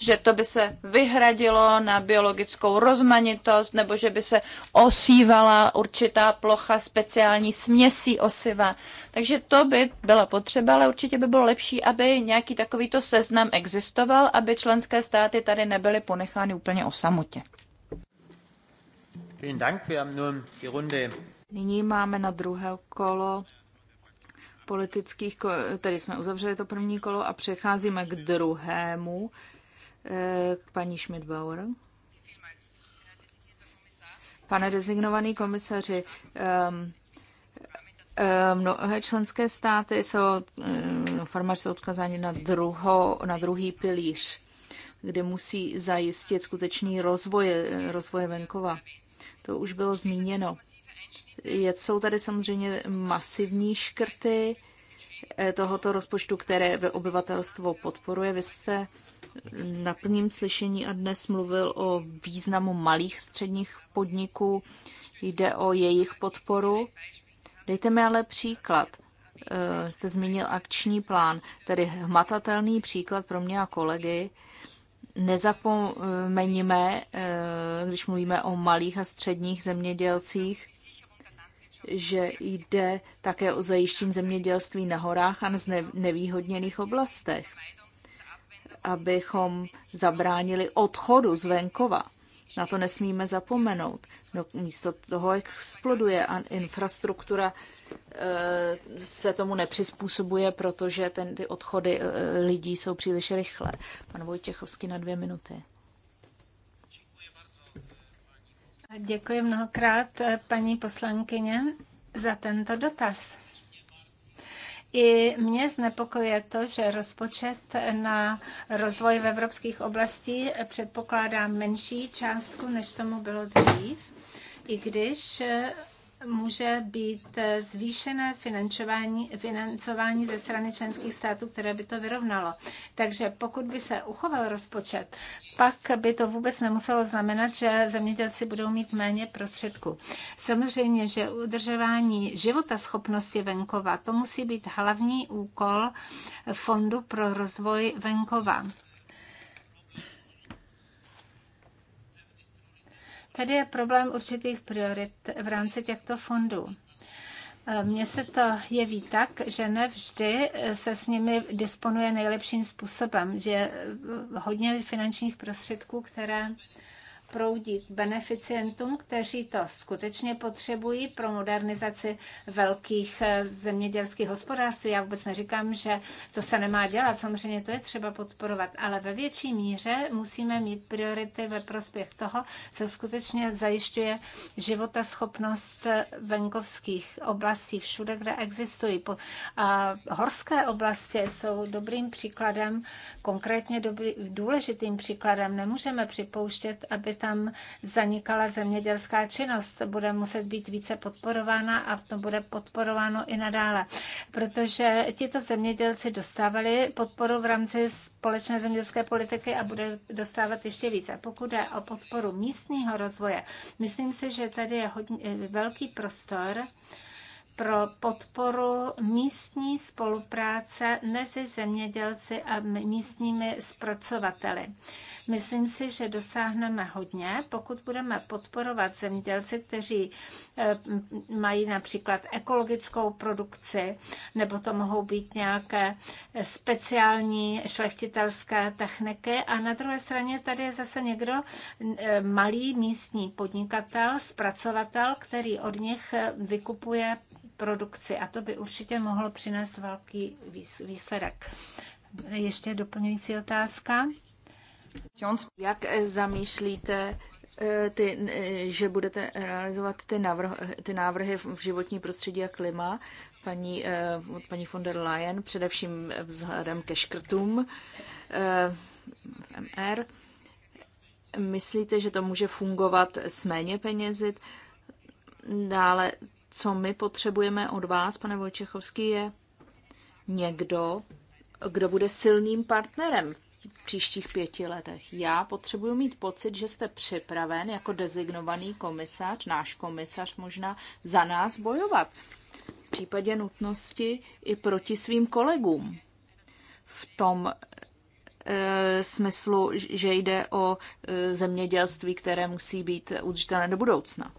že to by se vyhradilo na biologickou rozmanitost nebo že by se osívala určitá plocha speciální směsí osiva. Takže to by byla potřeba, ale určitě by bylo lepší, aby nějaký takovýto seznam existoval, aby členské státy tady nebyly ponechány úplně o samotě. Nyní máme na druhé kolo politických, tedy jsme uzavřeli to první kolo a přecházíme k druhému, eh, k paní Schmidbauer. Pane designovaný komisaři, ehm, ehm, mnohé členské státy jsou, ehm, farmáři jsou odkazáni na, druho, na druhý pilíř, kde musí zajistit skutečný rozvoj, eh, rozvoj venkova to už bylo zmíněno. Je, jsou tady samozřejmě masivní škrty eh, tohoto rozpočtu, které obyvatelstvo podporuje. Vy jste na prvním slyšení a dnes mluvil o významu malých středních podniků, jde o jejich podporu. Dejte mi ale příklad. Eh, jste zmínil akční plán, tedy hmatatelný příklad pro mě a kolegy, nezapomeníme, eh, když mluvíme o malých a středních zemědělcích, že jde také o zajištění zemědělství na horách a na nevýhodněných oblastech, abychom zabránili odchodu z venkova. Na to nesmíme zapomenout. No, místo toho exploduje infrastruktura Eh, se tomu nepřizpůsobuje, protože ten, ty odchody eh, lidí jsou příliš rychlé. Pan Vojtěchovský na dvě minuty. Děkuji mnohokrát, eh, paní poslankyně, za tento dotaz. I mě znepokojuje to, že rozpočet na rozvoj v evropských oblastí předpokládá menší částku, než tomu bylo dřív, i když může být eh, zvýšené financování, financování ze strany členských států, které by to vyrovnalo. Takže pokud by se uchoval rozpočet, pak by to vůbec nemuselo znamenat, že zemědělci budou mít méně prostředků. Samozřejmě, že udržování života schopnosti venkova, to musí být hlavní úkol Fondu pro rozvoj venkova. Tady je problém určitých priorit v rámci těchto fondů. E, mně se to jeví tak, že nevždy se s nimi disponuje nejlepším způsobem, že e, hodně finančních prostředků, které proudí k beneficientům, kteří to skutečně potřebují pro modernizaci velkých eh, zemědělských hospodářství. Já vůbec neříkám, že to se nemá dělat, samozřejmě to je třeba podporovat, ale ve větší míře musíme mít priority ve prospěch toho, co skutečně zajišťuje života schopnost eh, venkovských oblastí všude, kde existují. A horské oblasti jsou dobrým příkladem, konkrétně dobrý, důležitým příkladem. Nemůžeme připouštět, aby tam zanikala zemědělská činnost. Bude muset být více podporována a to bude podporováno i nadále, protože tito zemědělci dostávali podporu v rámci společné zemědělské politiky a bude dostávat ještě více. Pokud je o podporu místního rozvoje, myslím si, že tady je hodně, eh, velký prostor, pro podporu místní spolupráce mezi zemědělci a místními zpracovateli. Myslím si, že dosáhneme hodně, pokud budeme podporovat zemědělci, kteří eh, mají například ekologickou produkci, nebo to mohou být nějaké speciální šlechtitelské techniky. A na druhé straně tady je zase někdo, eh, malý místní podnikatel, zpracovatel, který od nich eh, vykupuje produkci a to by určitě mohlo přinést velký výsledek. Ještě doplňující otázka. Jak zamýšlíte eh, ty, eh, že budete realizovat ty, navrh, ty návrhy v životní prostředí a klima paní, eh, od paní von der Leyen, především vzhledem ke škrtům v MR. Myslíte, že to může fungovat s méně penězit? Dále co my potřebujeme od vás, pane Vojčechovský, je někdo, kdo bude silným partnerem v příštích pěti letech. Já potřebuji mít pocit, že jste připraven jako dezignovaný komisař, náš komisař možná, za nás bojovat. V případě nutnosti i proti svým kolegům. V tom e, smyslu, že jde o e, zemědělství, které musí být udržitelné do budoucna.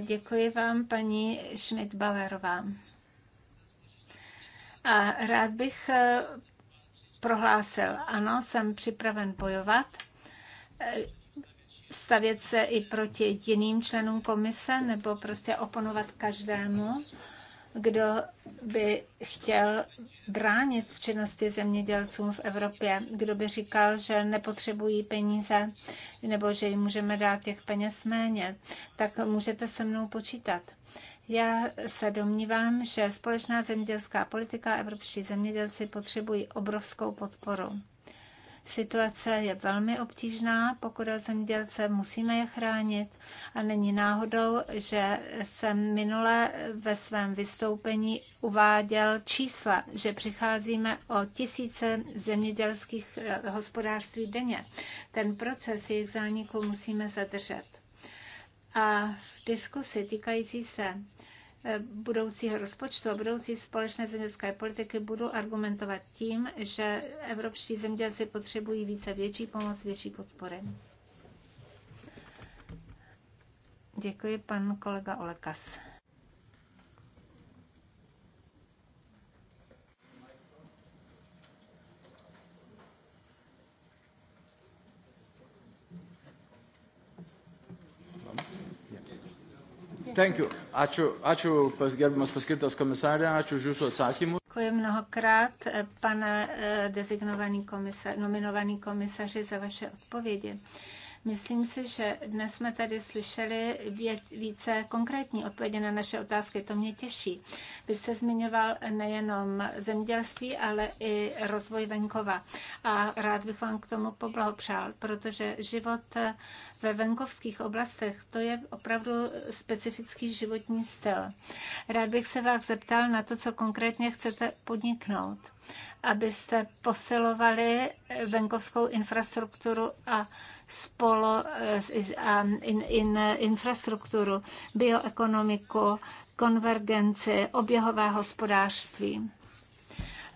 Děkuji vám, paní Schmidt-Bauerová. A rád bych eh, prohlásil, ano, jsem připraven bojovat, eh, stavět se i proti jiným členům komise nebo prostě oponovat každému, kdo by chtěl bránit v činnosti zemědělcům v Evropě, kdo by říkal, že nepotřebují peníze nebo že jim můžeme dát těch peněz méně, tak můžete se mnou počítat. Já se domnívám, že společná zemědělská politika a evropští zemědělci potřebují obrovskou podporu. Situace je velmi obtížná, pokud o zemědělce musíme je chránit a není náhodou, že jsem minule ve svém vystoupení uváděl čísla, že přicházíme o tisíce zemědělských eh, hospodářství denně. Ten proces jejich zániku musíme zadržet. A v diskusi týkající se Eh, budoucího rozpočtu a budoucí společné zemědělské politiky budu argumentovat tím, že evropští zemědělci potřebují více větší pomoc, větší podpory. Děkuji pan kolega Olekas. Ačiū, pas gerbimas paskirtas komisarė, ačiū už jūsų atsakymus. Děkuji mnohokrát, pane eh, designovaný komisař, nominovaný komisaři, za vaše odpovědi. Myslím si, že dnes jsme tady slyšeli více konkrétní odpovědi na naše otázky. To mě těší. Vy jste zmiňoval nejenom zemědělství, ale i rozvoj venkova. A rád bych vám k tomu poblahopřál, protože život ve venkovských oblastech, to je opravdu specifický životní styl. Rád bych se vás zeptal na to, co konkrétně chcete podniknout abyste posilovali venkovskou infrastrukturu a spolo eh, a in, in, infrastrukturu, bioekonomiku, konvergenci, oběhové hospodářství.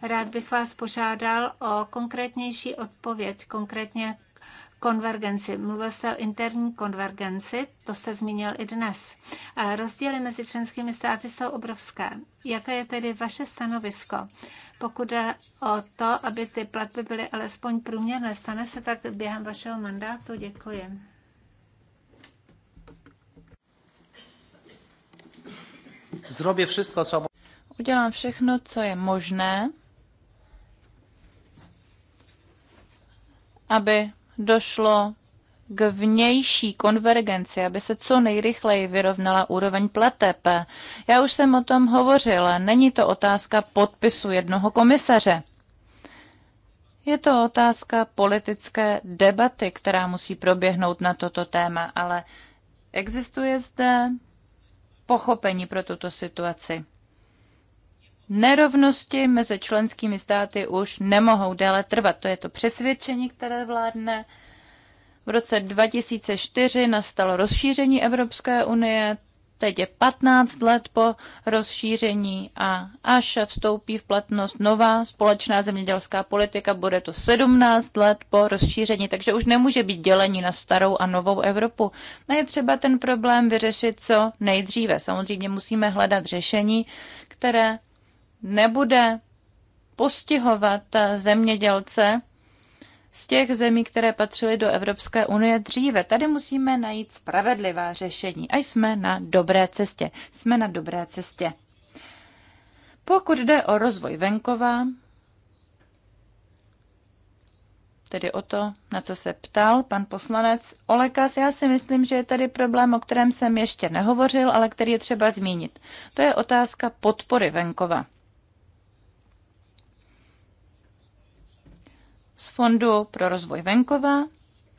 Rád bych vás požádal o konkrétnější odpověď, konkrétně konvergenci. Mluvil jste o interní konvergenci, to jste zmínil i dnes. A rozdíly mezi členskými státy jsou obrovské. Jaké je tedy vaše stanovisko? Pokud jde o to, aby ty platby byly alespoň průměrné, stane se tak během vašeho mandátu? Děkuji. Zrobě všechno, co... Udělám všechno, co je možné, aby došlo k vnější konvergenci, aby se co nejrychleji vyrovnala úroveň plateb. Já už jsem o tom hovořila, není to otázka podpisu jednoho komisaře. Je to otázka politické debaty, která musí proběhnout na toto téma, ale existuje zde pochopení pro tuto situaci nerovnosti mezi členskými státy už nemohou déle trvat. To je to přesvědčení, které vládne. V roce 2004 nastalo rozšíření Evropské unie, teď je 15 let po rozšíření a až vstoupí v platnost nová společná zemědělská politika, bude to 17 let po rozšíření, takže už nemůže být dělení na starou a novou Evropu. A je třeba ten problém vyřešit co nejdříve. Samozřejmě musíme hledat řešení, které nebude postihovat zemědělce z těch zemí, které patřily do Evropské unie dříve. Tady musíme najít spravedlivá řešení a jsme na dobré cestě. Jsme na dobré cestě. Pokud jde o rozvoj venkova, tedy o to, na co se ptal pan poslanec Olekas. Já si myslím, že je tady problém, o kterém jsem ještě nehovořil, ale který je třeba zmínit. To je otázka podpory venkova. z Fondu pro rozvoj venkova,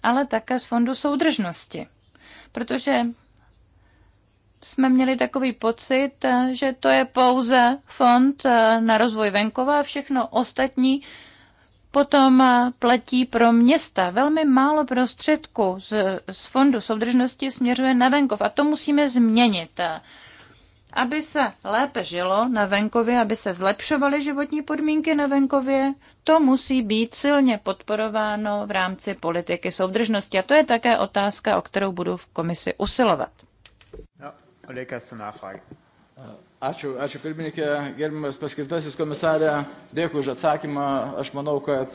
ale také z Fondu soudržnosti. Protože jsme měli takový pocit, že to je pouze fond na rozvoj venkova a všechno ostatní potom platí pro města. Velmi málo prostředků z, z Fondu soudržnosti směřuje na venkov a to musíme změnit aby se lépe žilo na venkově, aby se zlepšovaly životní podmínky na venkově, to musí být silně podporováno v rámci politiky soudržnosti. A to je také otázka, o kterou budu v komisi usilovat. No, Ačiū, ačiū pirmininkė, gerbiamas paskirtasis komisarė, dėkui už atsakymą. Aš manau, kad.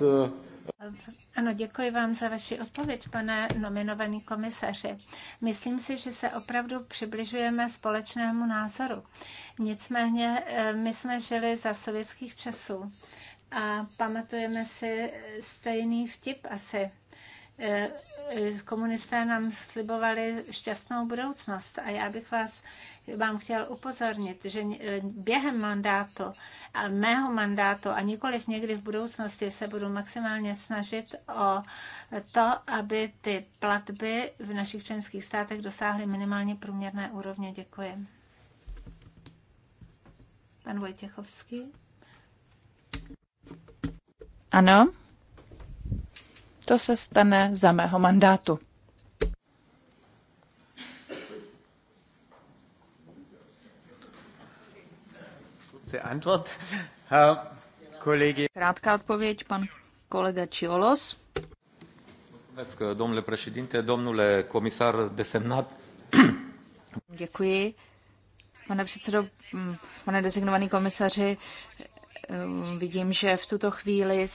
Ano, děkuji vám za vaši odpověď, pane nominovaný komisaři. Myslím si, že se opravdu přibližujeme společnému názoru. Nicméně eh, my jsme žili za sovětských časů a pamatujeme si stejný vtip asi eh, Eh, komunisté nám slibovali šťastnou budoucnost a já bych vás, vám chtěl upozornit, že eh, během mandátu, a mého mandátu a nikoliv někdy v budoucnosti se budu maximálně snažit o to, aby ty platby v našich členských státech dosáhly minimálně průměrné úrovně. Děkuji. Pan Vojtěchovský. Ano. To se stane za mého mandátu. Krátká odpověď, pan kolega Čiolos. domnule președinte, domnule comisar desemnat. Děkuji. Pane předsedo, pane designovaný komisaři, vidím, že v tuto chvíli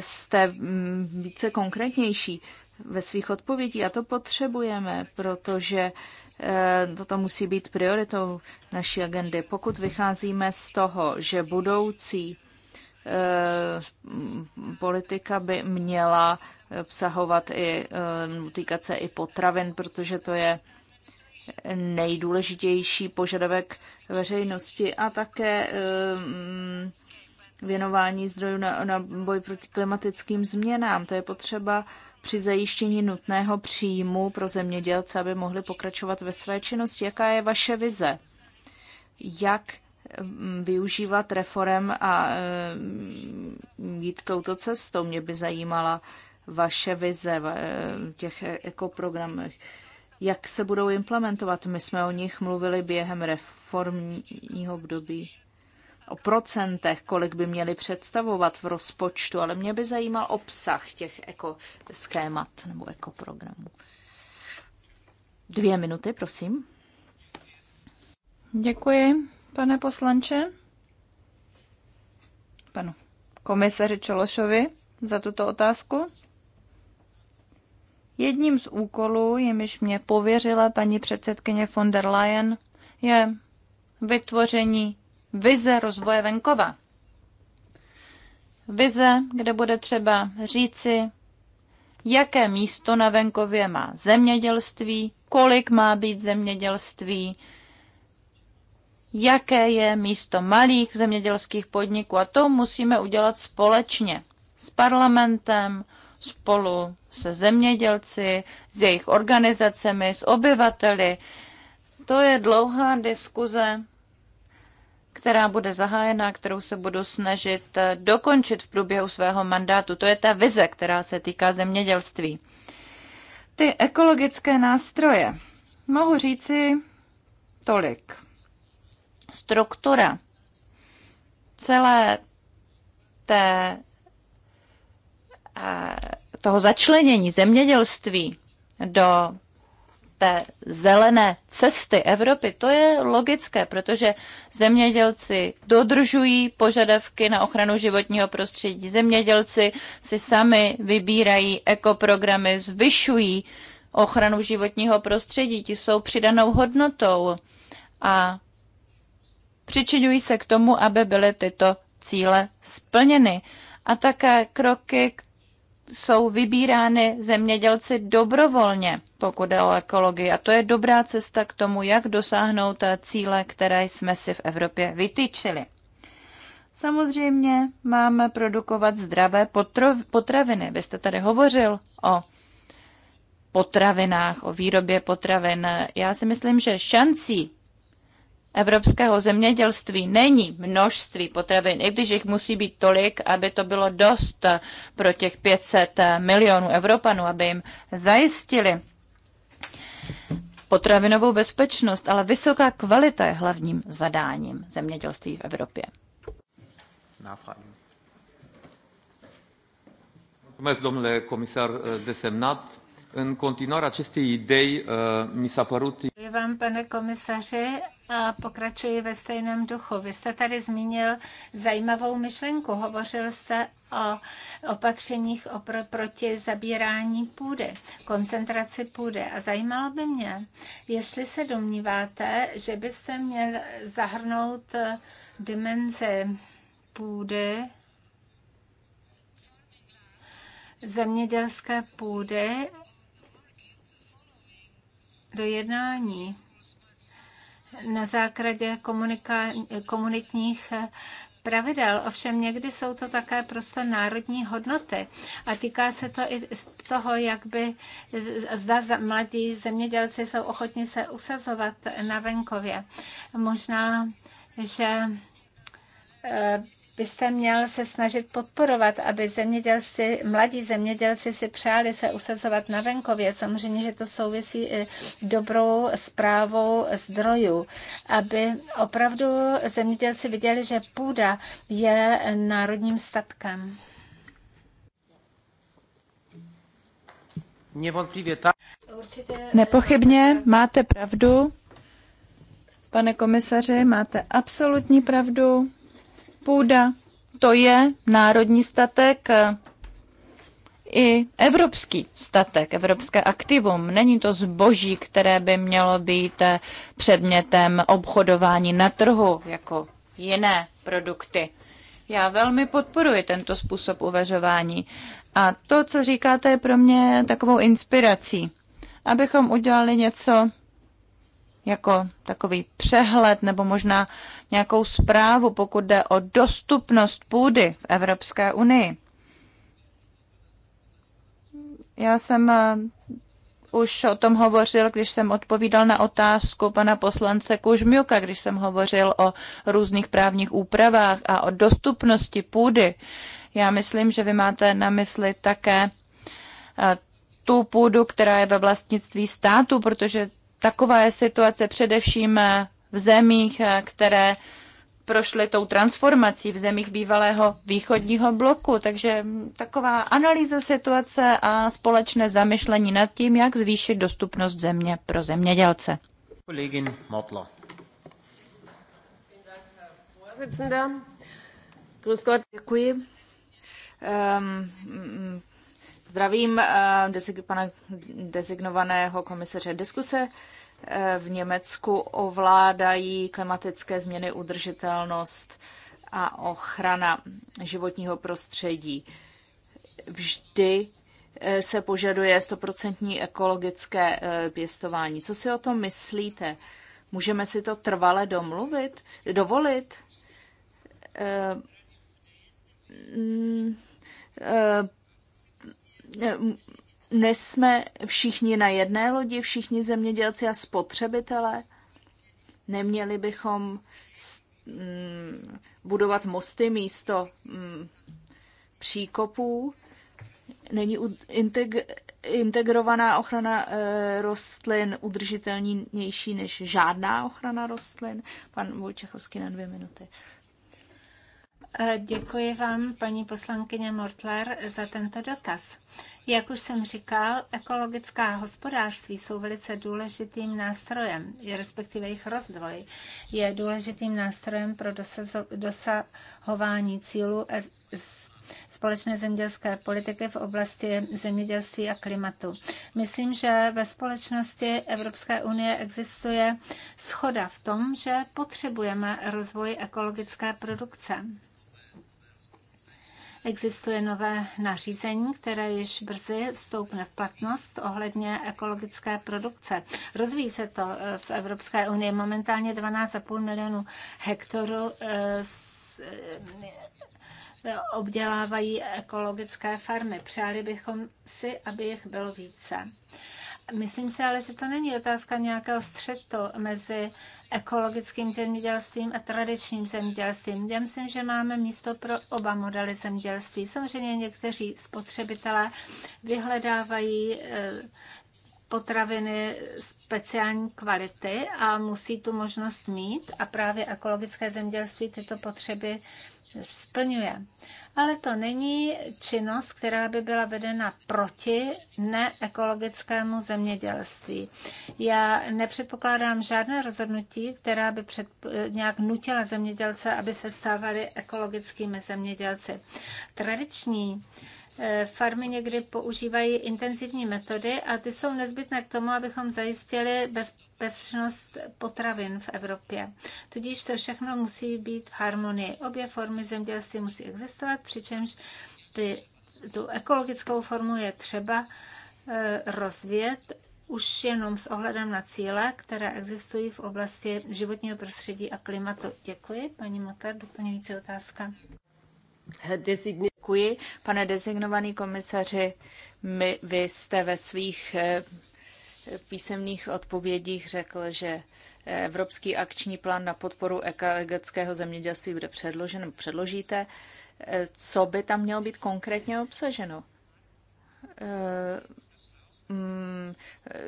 jste mm, více konkrétnější ve svých odpovědí a to potřebujeme, protože eh, toto musí být prioritou naší agendy. Pokud vycházíme z toho, že budoucí eh, politika by měla obsahovat i, eh, týkat se i potravin, protože to je nejdůležitější požadavek veřejnosti a také věnování zdrojů na, na boj proti klimatickým změnám. To je potřeba při zajištění nutného příjmu pro zemědělce, aby mohli pokračovat ve své činnosti. Jaká je vaše vize? Jak mm, využívat reform a mm, jít touto cestou? Mě by zajímala vaše vize v eh, těch ekoprogramech. Jak se budou implementovat? My jsme o nich mluvili během reformního období o procentech, kolik by měly představovat v rozpočtu, ale mě by zajímal obsah těch ekoschémat nebo ekoprogramů. Dvě minuty, prosím. Děkuji, pane poslanče. Panu komisaři Čološovi za tuto otázku. Jedním z úkolů, jimiž mě pověřila paní předsedkyně von der Leyen, je vytvoření vize rozvoje venkova. Vize, kde bude třeba říci, jaké místo na venkově má zemědělství, kolik má být zemědělství, jaké je místo malých zemědělských podniků. A to musíme udělat společně s parlamentem, spolu se zemědělci, s jejich organizacemi, s obyvateli. To je dlouhá diskuze, která bude zahájena, kterou se budu snažit eh, dokončit v průběhu svého mandátu. To je ta vize, která se týká zemědělství. Ty ekologické nástroje. Mohu říci tolik. Struktura celé té, eh, toho začlenění zemědělství do té zelené cesty Evropy, to je logické, protože zemědělci dodržují požadavky na ochranu životního prostředí. Zemědělci si sami vybírají ekoprogramy, zvyšují ochranu životního prostředí, ti jsou přidanou hodnotou a přičinují se k tomu, aby byly tyto cíle splněny. A také kroky, jsou vybírány zemědělci dobrovolně, pokud jde o ekologii. A to je dobrá cesta k tomu, jak dosáhnout cíle, které jsme si v Evropě vytyčili. Samozřejmě máme produkovat zdravé potraviny. Vy jste tady hovořil o potravinách, o výrobě potravin. Já si myslím, že šancí evropského zemědělství není množství potravin, i když jich musí být tolik, aby to bylo dost pro těch 500 milionů Evropanů, aby jim zajistili potravinovou bezpečnost, ale vysoká kvalita je hlavním zadáním zemědělství v Evropě. Náfragen. Mulțumesc, domnule comisar eh, desemnat. În continuare acestei idei eh, mi s-a părut... Vám, pane komisaři, pokračuji ve stejném duchu. Vy jste tady zmínil zajímavou myšlenku. Hovořil jste o opatřeních opr- proti zabírání půdy, koncentraci půdy. A zajímalo by mě, jestli se domníváte, že byste měl zahrnout dimenze půdy, zemědělské půdy do jednání na základě komunitních pravidel. Ovšem někdy jsou to také prostě národní hodnoty a týká se to i toho, jak by zda mladí zemědělci jsou ochotni se usazovat na venkově. Možná, že Eh, byste měl se snažit podporovat, aby zemědělci, mladí zemědělci si přáli se usazovat na venkově. Samozřejmě, že to souvisí i dobrou zprávou zdrojů, aby opravdu zemědělci viděli, že půda je národním statkem. Eh, Nepochybně máte pravdu, pane komisaři, máte absolutní pravdu. Půda to je národní statek eh, i evropský statek, evropské aktivum. Není to zboží, které by mělo být eh, předmětem obchodování na trhu jako jiné produkty. Já velmi podporuji tento způsob uvažování a to, co říkáte, je pro mě takovou inspirací, abychom udělali něco jako takový přehled nebo možná nějakou zprávu, pokud jde o dostupnost půdy v Evropské unii. Já jsem eh, už o tom hovořil, když jsem odpovídal na otázku pana poslance Kužmiuka, když jsem hovořil o různých právních úpravách a o dostupnosti půdy. Já myslím, že vy máte na mysli také eh, tu půdu, která je ve vlastnictví státu, protože Taková je situace především eh, v zemích, eh, které prošly tou transformací v zemích bývalého východního bloku. Takže mm, taková analýza situace a společné zamyšlení nad tím, jak zvýšit dostupnost země pro zemědělce. Kollegin Motla. Děkuji. Um, Zdravím eh, pana designovaného komisaře diskuse. Eh, v Německu ovládají klimatické změny, udržitelnost a ochrana životního prostředí. Vždy eh, se požaduje stoprocentní ekologické pěstování. Co si o tom myslíte? Můžeme si to trvale domluvit, dovolit? Mm, nesme všichni na jedné lodi, všichni zemědělci a spotřebitelé? Neměli bychom mm, budovat mosty místo mm, příkopů? Není integrovaná ochrana e, rostlin udržitelnější než žádná ochrana rostlin? Pan Vojčechovský na dvě minuty. E, děkuji vám, paní poslankyně Mortler, za tento dotaz. Jak už jsem říkal, ekologická hospodářství jsou velice důležitým nástrojem, respektive jejich rozvoj je důležitým nástrojem pro dosahování cílů e, společné zemědělské politiky v oblasti zemědělství a klimatu. Myslím, že ve společnosti Evropské unie existuje schoda v tom, že potřebujeme rozvoj ekologické produkce. Existuje nové nařízení, které již brzy vstoupne v platnost ohledně ekologické produkce. Rozvíjí se to eh, v Evropské unii momentálně 12,5 milionů hektarů eh, eh, obdělávají ekologické farmy. Přáli bychom si, aby jich bylo více. Myslím si ale, že to není otázka nějakého střetu mezi ekologickým zemědělstvím a tradičním zemědělstvím. Já myslím, že máme místo pro oba modely zemědělství. Samozřejmě někteří spotřebitelé vyhledávají eh, potraviny speciální kvality a musí tu možnost mít a právě ekologické zemědělství tyto potřeby splňuje. Ale to není činnost, která by byla vedena proti neekologickému zemědělství. Já nepředpokládám žádné rozhodnutí, která by před, nějak nutila zemědělce, aby se stávali ekologickými zemědělci. Tradiční uh, Eh, farmy někdy používají intenzivní metody a ty jsou nezbytné k tomu, abychom zajistili bezpečnost potravin v Evropě. Tudíž to všechno musí být v harmonii. Obě formy zemědělství musí existovat, přičemž ty, tu ekologickou formu je třeba eh, rozvíjet už jenom s ohledem na cíle, které existují v oblasti životního prostředí a klimatu. Děkuji. Paní Motar, doplňující otázka. Děkuji, pane designovaný komisaři. My, vy jste ve svých eh, písemných odpovědích řekl, že eh, Evropský akční plán na podporu ekologického zemědělství bude předložen, předložíte. Eh, co by tam mělo být konkrétně obsaženo? Mm,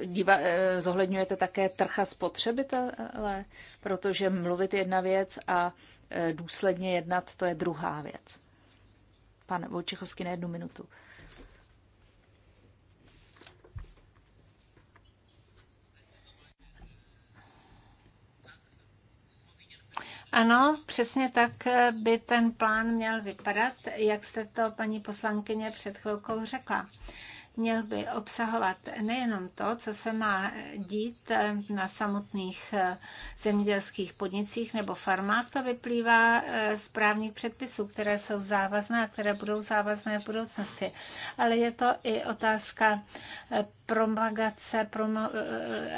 díva, zohledňujete také trh spotřebitele, protože mluvit jedna věc a důsledně jednat to je druhá věc pan Vojčechovský na jednu minutu. Ano, přesně tak by ten plán měl vypadat, jak jste to paní poslankyně před chvilkou řekla. Měl by obsahovat nejenom to, co se má dít na samotných eh, zemědělských podnicích nebo farmách, to vyplývá eh, z právních předpisů, které jsou závazné a které budou závazné v budoucnosti. Ale je to i otázka eh, propagace promo,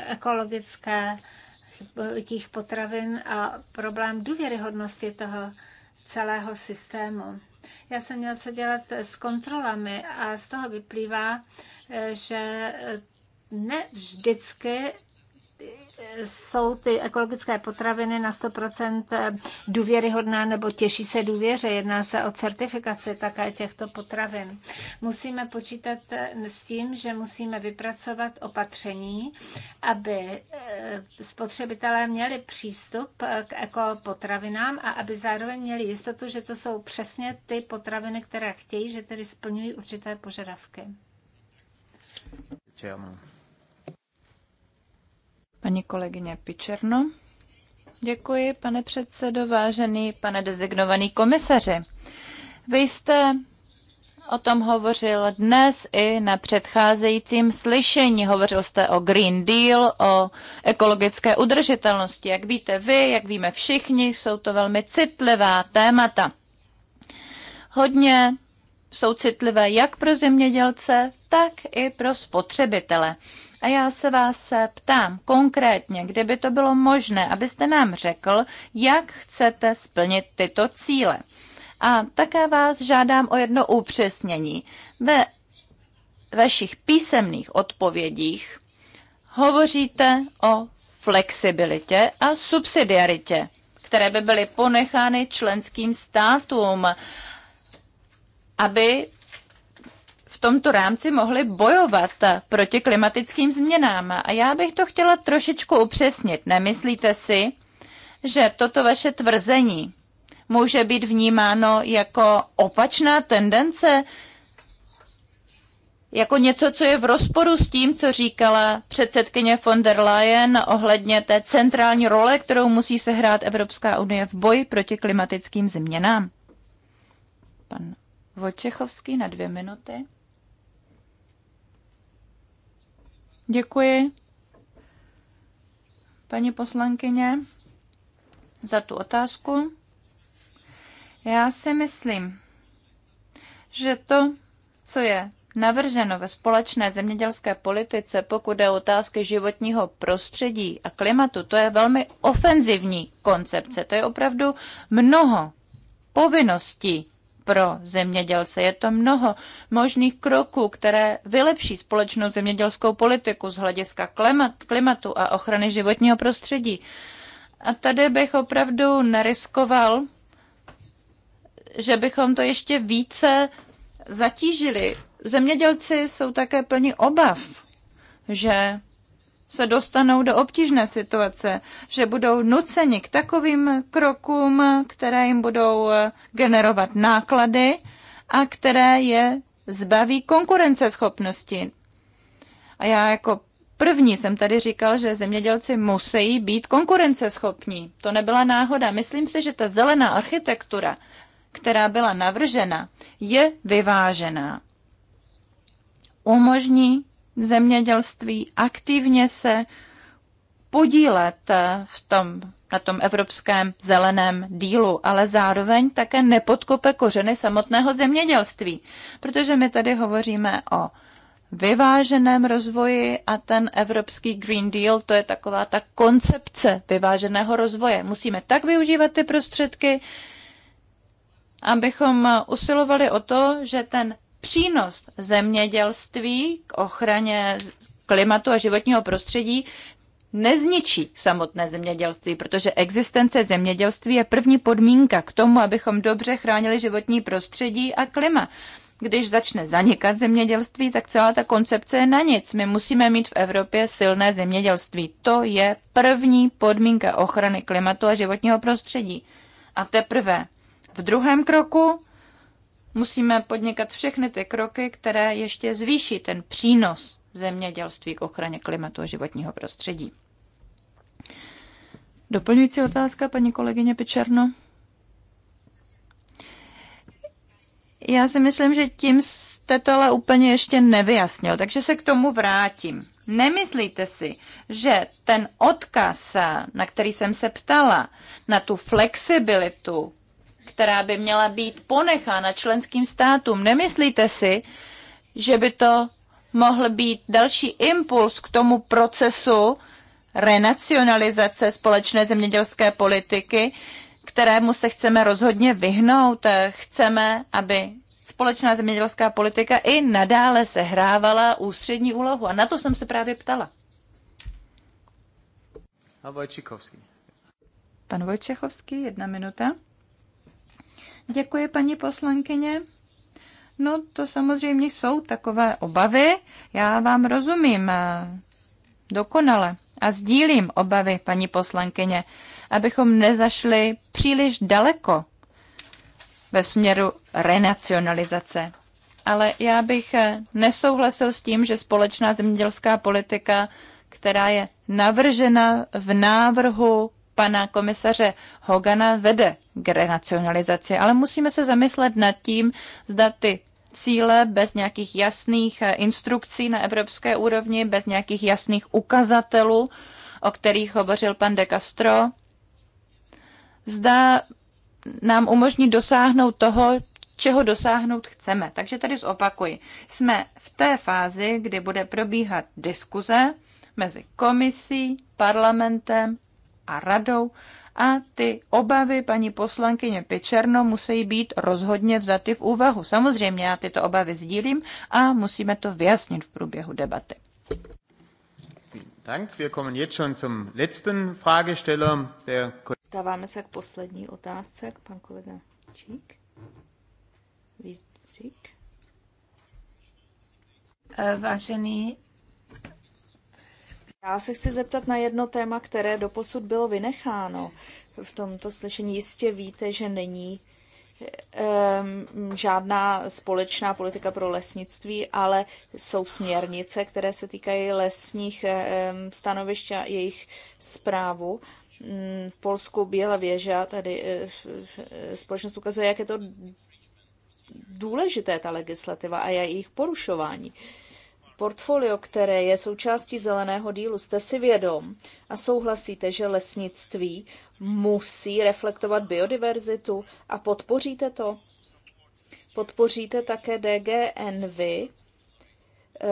ekologické jakých potravin a problém důvěryhodnosti toho celého systému. Já jsem měla co dělat s kontrolami a z toho vyplývá, že ne vždycky jsou ty ekologické potraviny na 100% důvěryhodná nebo těší se důvěře. Jedná se o certifikaci také těchto potravin. Musíme počítat s tím, že musíme vypracovat opatření, aby eh, spotřebitelé měli přístup k ekopotravinám a aby zároveň měli jistotu, že to jsou přesně ty potraviny, které chtějí, že tedy splňují určité požadavky. Děkujeme. Paní kolegyně Pičerno. Děkuji, pane předsedo, vážený pane dezignovaný komisaři. Vy jste o tom hovořil dnes i na předcházejícím slyšení. Hovořil jste o Green Deal, o ekologické udržitelnosti. Jak víte vy, jak víme všichni, jsou to velmi citlivá témata. Hodně jsou citlivé jak pro zemědělce, tak i pro spotřebitele. A já se vás ptám konkrétně, kde by to bylo možné, abyste nám řekl, jak chcete splnit tyto cíle. A také vás žádám o jedno upřesnění. Ve vašich písemných odpovědích hovoříte o flexibilitě a subsidiaritě, které by byly ponechány členským státům, aby tomto rámci mohli bojovat proti klimatickým změnám. A já bych to chtěla trošičku upřesnit. Nemyslíte si, že toto vaše tvrzení může být vnímáno jako opačná tendence, jako něco, co je v rozporu s tím, co říkala předsedkyně von der Leyen ohledně té centrální role, kterou musí sehrát Evropská unie v boji proti klimatickým změnám. Pan Vočechovský na dvě minuty. Děkuji, paní poslankyně, za tu otázku. Já si myslím, že to, co je navrženo ve společné zemědělské politice, pokud je otázky životního prostředí a klimatu, to je velmi ofenzivní koncepce. To je opravdu mnoho povinností pro zemědělce. Je to mnoho možných kroků, které vylepší společnou zemědělskou politiku z hlediska klimatu a ochrany životního prostředí. A tady bych opravdu neriskoval, že bychom to ještě více zatížili. Zemědělci jsou také plni obav, že se dostanou do obtížné situace, že budou nuceni k takovým krokům, které jim budou eh, generovat náklady a které je zbaví konkurenceschopnosti. A já jako první jsem tady říkal, že zemědělci musí být konkurenceschopní. To nebyla náhoda. Myslím si, že ta zelená architektura, která byla navržena, je vyvážená. Umožní zemědělství aktivně se podílet eh, v tom, na tom evropském zeleném dílu, ale zároveň také nepodkope kořeny samotného zemědělství, protože my tady hovoříme o vyváženém rozvoji a ten evropský Green Deal, to je taková ta koncepce vyváženého rozvoje. Musíme tak využívat ty prostředky, abychom usilovali o to, že ten přínos zemědělství k ochraně klimatu a životního prostředí nezničí samotné zemědělství, protože existence zemědělství je první podmínka k tomu, abychom dobře chránili životní prostředí a klima. Když začne zanikat zemědělství, tak celá ta koncepce je na nic. My musíme mít v Evropě silné zemědělství. To je první podmínka ochrany klimatu a životního prostředí. A teprve v druhém kroku musíme podnikat všechny ty kroky, které ještě zvýší ten přínos zemědělství k ochraně klimatu a životního prostředí. Doplňující otázka, paní kolegyně Pičerno. Já si myslím, že tím jste to ale úplně ještě nevyjasnil, takže se k tomu vrátím. Nemyslíte si, že ten odkaz, na který jsem se ptala, na tu flexibilitu která by měla být ponechána členským státům. Nemyslíte si, že by to mohl být další impuls k tomu procesu renacionalizace společné zemědělské politiky, kterému se chceme rozhodně vyhnout. Chceme, aby společná zemědělská politika i nadále sehrávala ústřední úlohu. A na to jsem se právě ptala. A Vojčichovský. Pan Vojčechovský, jedna minuta. Děkuji, paní poslankyně. No, to samozřejmě jsou takové obavy. Já vám rozumím eh, dokonale a sdílím obavy, paní poslankyně, abychom nezašli příliš daleko ve směru renacionalizace. Ale já bych eh, nesouhlasil s tím, že společná zemědělská politika, která je navržena v návrhu pana komisaře Hogana vede k renacionalizaci, ale musíme se zamyslet nad tím, zda ty cíle bez nějakých jasných eh, instrukcí na evropské úrovni, bez nějakých jasných ukazatelů, o kterých hovořil pan de Castro, zda nám umožní dosáhnout toho, čeho dosáhnout chceme. Takže tady zopakuji. Jsme v té fázi, kdy bude probíhat diskuze mezi komisí, parlamentem a radou a ty obavy paní poslankyně Pičerno musí být rozhodně vzaty v úvahu. Samozřejmě já tyto obavy sdílím a musíme to vyjasnit v průběhu debaty. Dank. Wir kommen jetzt schon zum letzten Fragesteller. Der Stáváme se k poslední otázce, k pan kolega Čík. Vízík. Eh, vážený já se chci zeptat na jedno téma, které doposud bylo vynecháno. V tomto slyšení jistě víte, že není um, žádná společná politika pro lesnictví, ale jsou směrnice, které se týkají lesních um, stanovišť a jejich zprávu. Um, mm, Polsku Bílá věža, tady e, e, společnost ukazuje, jak je to důležité ta legislativa a jejich porušování. Uh, portfolio, které je součástí zeleného dílu, jste si vědom a souhlasíte, že lesnictví musí reflektovat biodiverzitu a podpoříte to? Podpoříte také DGNV, eh,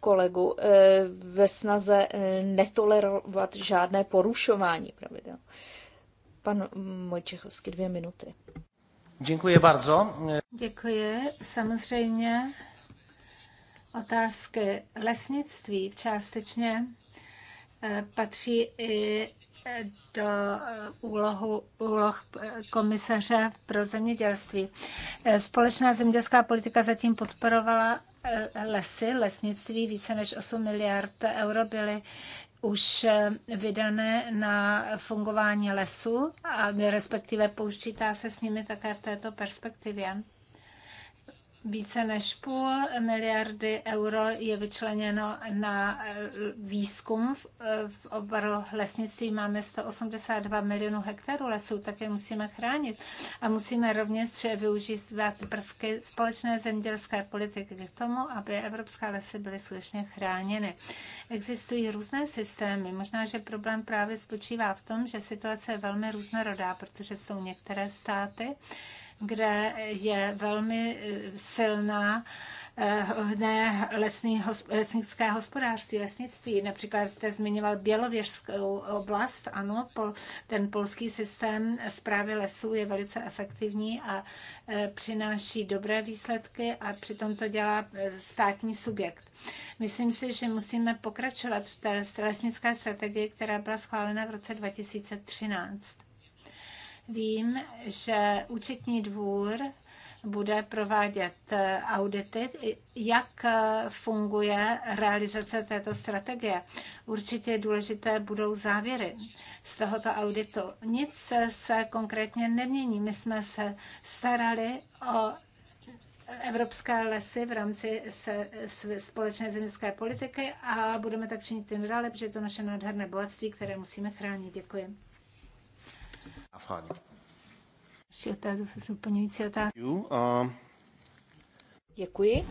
kolegu, eh, ve snaze eh, netolerovat žádné porušování pravidel. Pan Mojčechovský, dvě minuty. Děkuji bardzo. Děkuji. Samozřejmě otázky lesnictví částečně eh, patří i eh, do eh, úlohu, úloh komisaře pro zemědělství. Společná zemědělská politika zatím podporovala lesy, lesnictví, více než 8 miliard euro byly už vydané na fungování lesu a respektive poučítá se s nimi také v této perspektivě. Více než půl miliardy euro je vyčleněno na eh, výzkum eh, v, oboru lesnictví. Máme 182 milionů hektarů lesů, také musíme chránit. A musíme rovněž využívat prvky společné zemědělské politiky k tomu, aby evropská lesy byly skutečně chráněny. Existují různé systémy. Možná, že problém právě spočívá v tom, že situace je velmi různorodá, protože jsou některé státy, kde je velmi eh, silná eh, hodné lesní, lesnické hospodářství, lesnictví. Například jste zmiňoval Bělověžskou oblast, ano, pol, ten polský systém zprávy lesů je velice efektivní a eh, přináší dobré výsledky a přitom to dělá státní subjekt. Myslím si, že musíme pokračovat v té lesnické strategii, která byla schválena v roce 2013. Vím, že účetní dvůr bude provádět eh, audity, jak eh, funguje realizace této strategie. Určitě důležité budou závěry z tohoto auditu. Nic se konkrétně nemění. My jsme se starali o evropské lesy v rámci se, společné zemědělské politiky a budeme tak činit ten dále, protože je to naše nádherné bohatství, které musíme chránit. Děkuji. Nachfragen. Ještě doplňující otázka. Děkuji.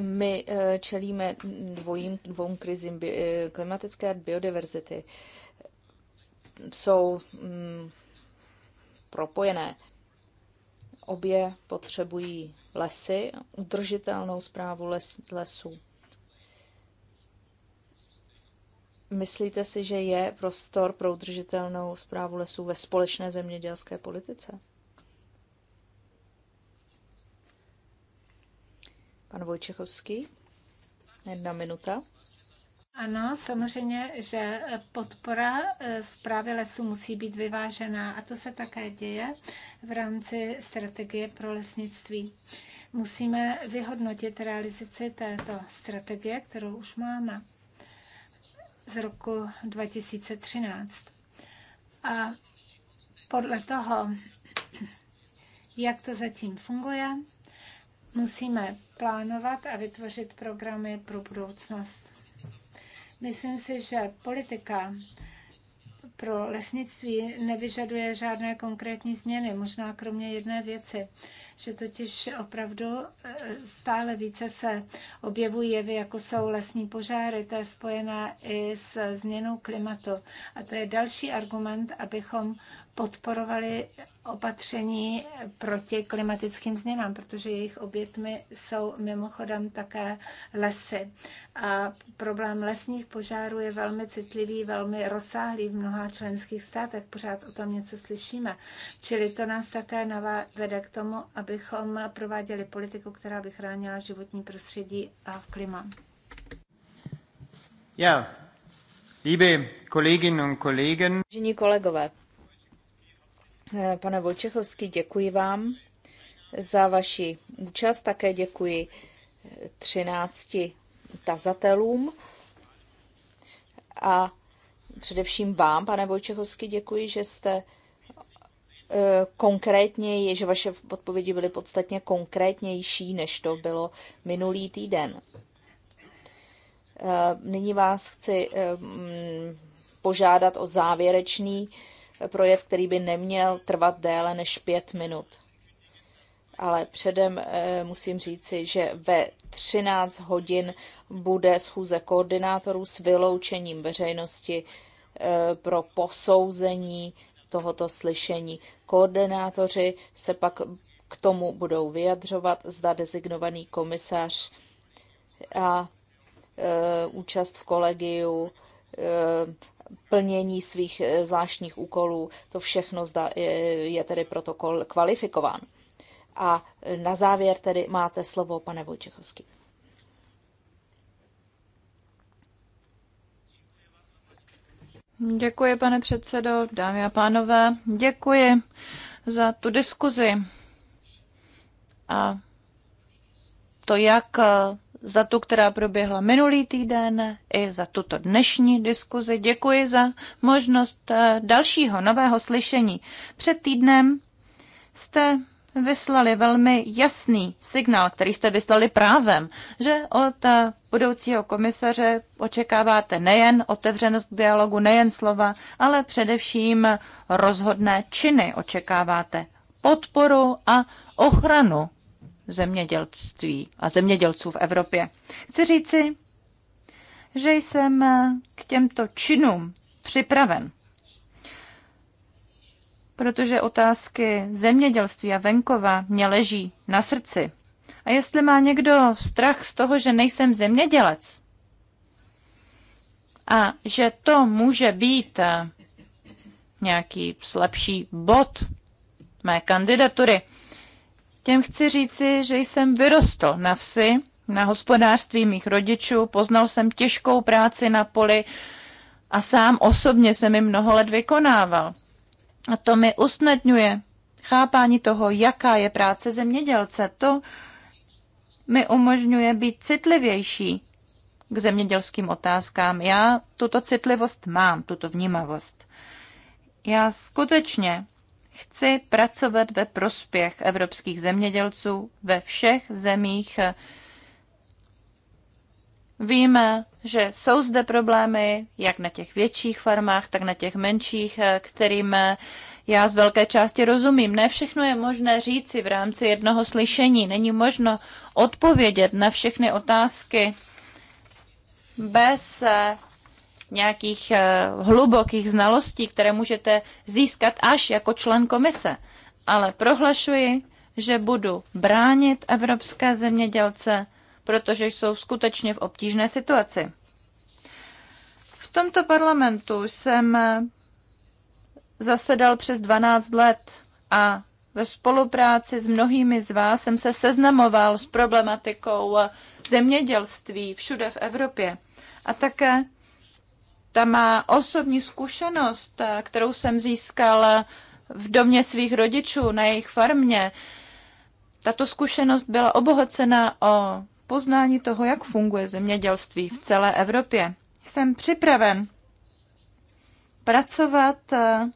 My eh, čelíme dvojím, dvou krizím eh, klimatické a biodiverzity. Jsou mm, propojené. Obě potřebují lesy, udržitelnou zprávu les, lesů. Myslíte si, že je prostor pro udržitelnou zprávu lesů ve společné zemědělské politice? Pan Vojčechovský, jedna minuta. Ano, samozřejmě, že podpora eh, zprávy lesů musí být vyvážená a to se také děje v rámci strategie pro lesnictví. Musíme vyhodnotit realizaci této strategie, kterou už máme z roku 2013. A podle toho, jak to zatím funguje, musíme plánovat a vytvořit programy pro budoucnost. Myslím si, že politika pro lesnictví nevyžaduje žádné konkrétní změny, možná kromě jedné věci, že totiž opravdu eh, stále více se objevují jevy, jako jsou lesní požáry, to je spojené i s změnou klimatu. A to je další argument, abychom podporovali opatření proti klimatickým změnám, protože jejich obětmi jsou mimochodem také lesy. A problém lesních požárů je velmi citlivý, velmi rozsáhlý v mnoha členských státech. Pořád o tom něco slyšíme. Čili to nás také vede k tomu, abychom prováděli politiku, která by chránila životní prostředí a klima. Já, yeah. liebe Kolleginnen und Kollegen, kolegové, Eh, pane Vojčechovský, děkuji vám za vaši účast. Také děkuji 13 eh, tazatelům a především vám, pane Vojčechovský, děkuji, že jste eh, konkrétně, že vaše odpovědi byly podstatně konkrétnější, než to bylo minulý týden. Nyní vás chci požádat o závěrečný projev, který by neměl trvat déle než pět minut. Ale předem eh, musím říci, že ve 13 hodin bude schůze koordinátorů s vyloučením veřejnosti eh, pro posouzení tohoto slyšení. Koordinátoři se pak k tomu budou vyjadřovat, zda designovaný komisař a e, účast v kolegiu, e, plnění svých eh, zvláštních úkolů. To všechno zda, eh, je tedy protokol kvalifikován. A eh, na závěr tedy máte slovo, pane Vojčechovský. Děkuji, pane předsedo, dámy a pánové. Děkuji za tu diskuzi a to, jak za tu, která proběhla minulý týden, i za tuto dnešní diskuzi. Děkuji za možnost eh, dalšího nového slyšení. Před týdnem jste vyslali velmi jasný signál, který jste vyslali právem, že od eh, budoucího komisaře očekáváte nejen otevřenost dialogu, nejen slova, ale především rozhodné činy očekáváte podporu a ochranu zemědělství a zemědělců v Evropě. Chci říci, že jsem k těmto činům připraven, protože otázky zemědělství a venkova mě leží na srdci. A jestli má někdo strach z toho, že nejsem zemědělec a že to může být nějaký slabší bod mé kandidatury, Těm chci říci, že jsem vyrostl na vsi, na hospodářství mých rodičů, poznal jsem těžkou práci na poli a sám osobně jsem ji mnoho let vykonával. A to mi usnadňuje chápání toho, jaká je práce zemědělce. To mi umožňuje být citlivější k zemědělským otázkám. Já tuto citlivost mám, tuto vnímavost. Já skutečně Chci pracovat ve prospěch evropských zemědělců ve všech zemích. Víme, že jsou zde problémy, jak na těch větších farmách, tak na těch menších, kterým já z velké části rozumím. Ne všechno je možné říci v rámci jednoho slyšení. Není možno odpovědět na všechny otázky bez nějakých eh, hlubokých znalostí, které můžete získat až jako člen komise. Ale prohlašuji, že budu bránit evropské zemědělce, protože jsou skutečně v obtížné situaci. V tomto parlamentu jsem eh, zasedal přes 12 let a ve spolupráci s mnohými z vás jsem se seznamoval s problematikou eh, zemědělství všude v Evropě. A také ta má osobní zkušenost, eh, kterou jsem získal v domě svých rodičů na jejich farmě. Tato zkušenost byla obohocena o poznání toho, jak funguje zemědělství v celé Evropě. Jsem připraven pracovat eh,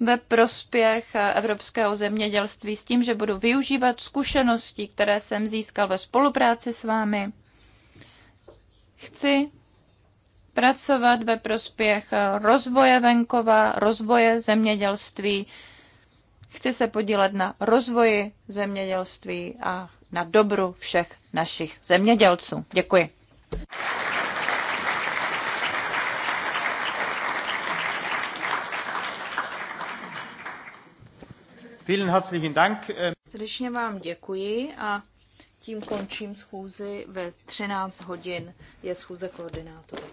ve prospěch eh, evropského zemědělství s tím, že budu využívat zkušeností, které jsem získal ve spolupráci s vámi. Chci pracovat ve prospěch eh, rozvoje venkova, rozvoje zemědělství. Chci se podílet na rozvoji zemědělství a na dobru všech našich zemědělců. Děkuji. Vielen herzlichen Dank. Ähm Srdečně vám děkuji a tím končím schůzi. Ve 13 hodin je schůze koordinátorů.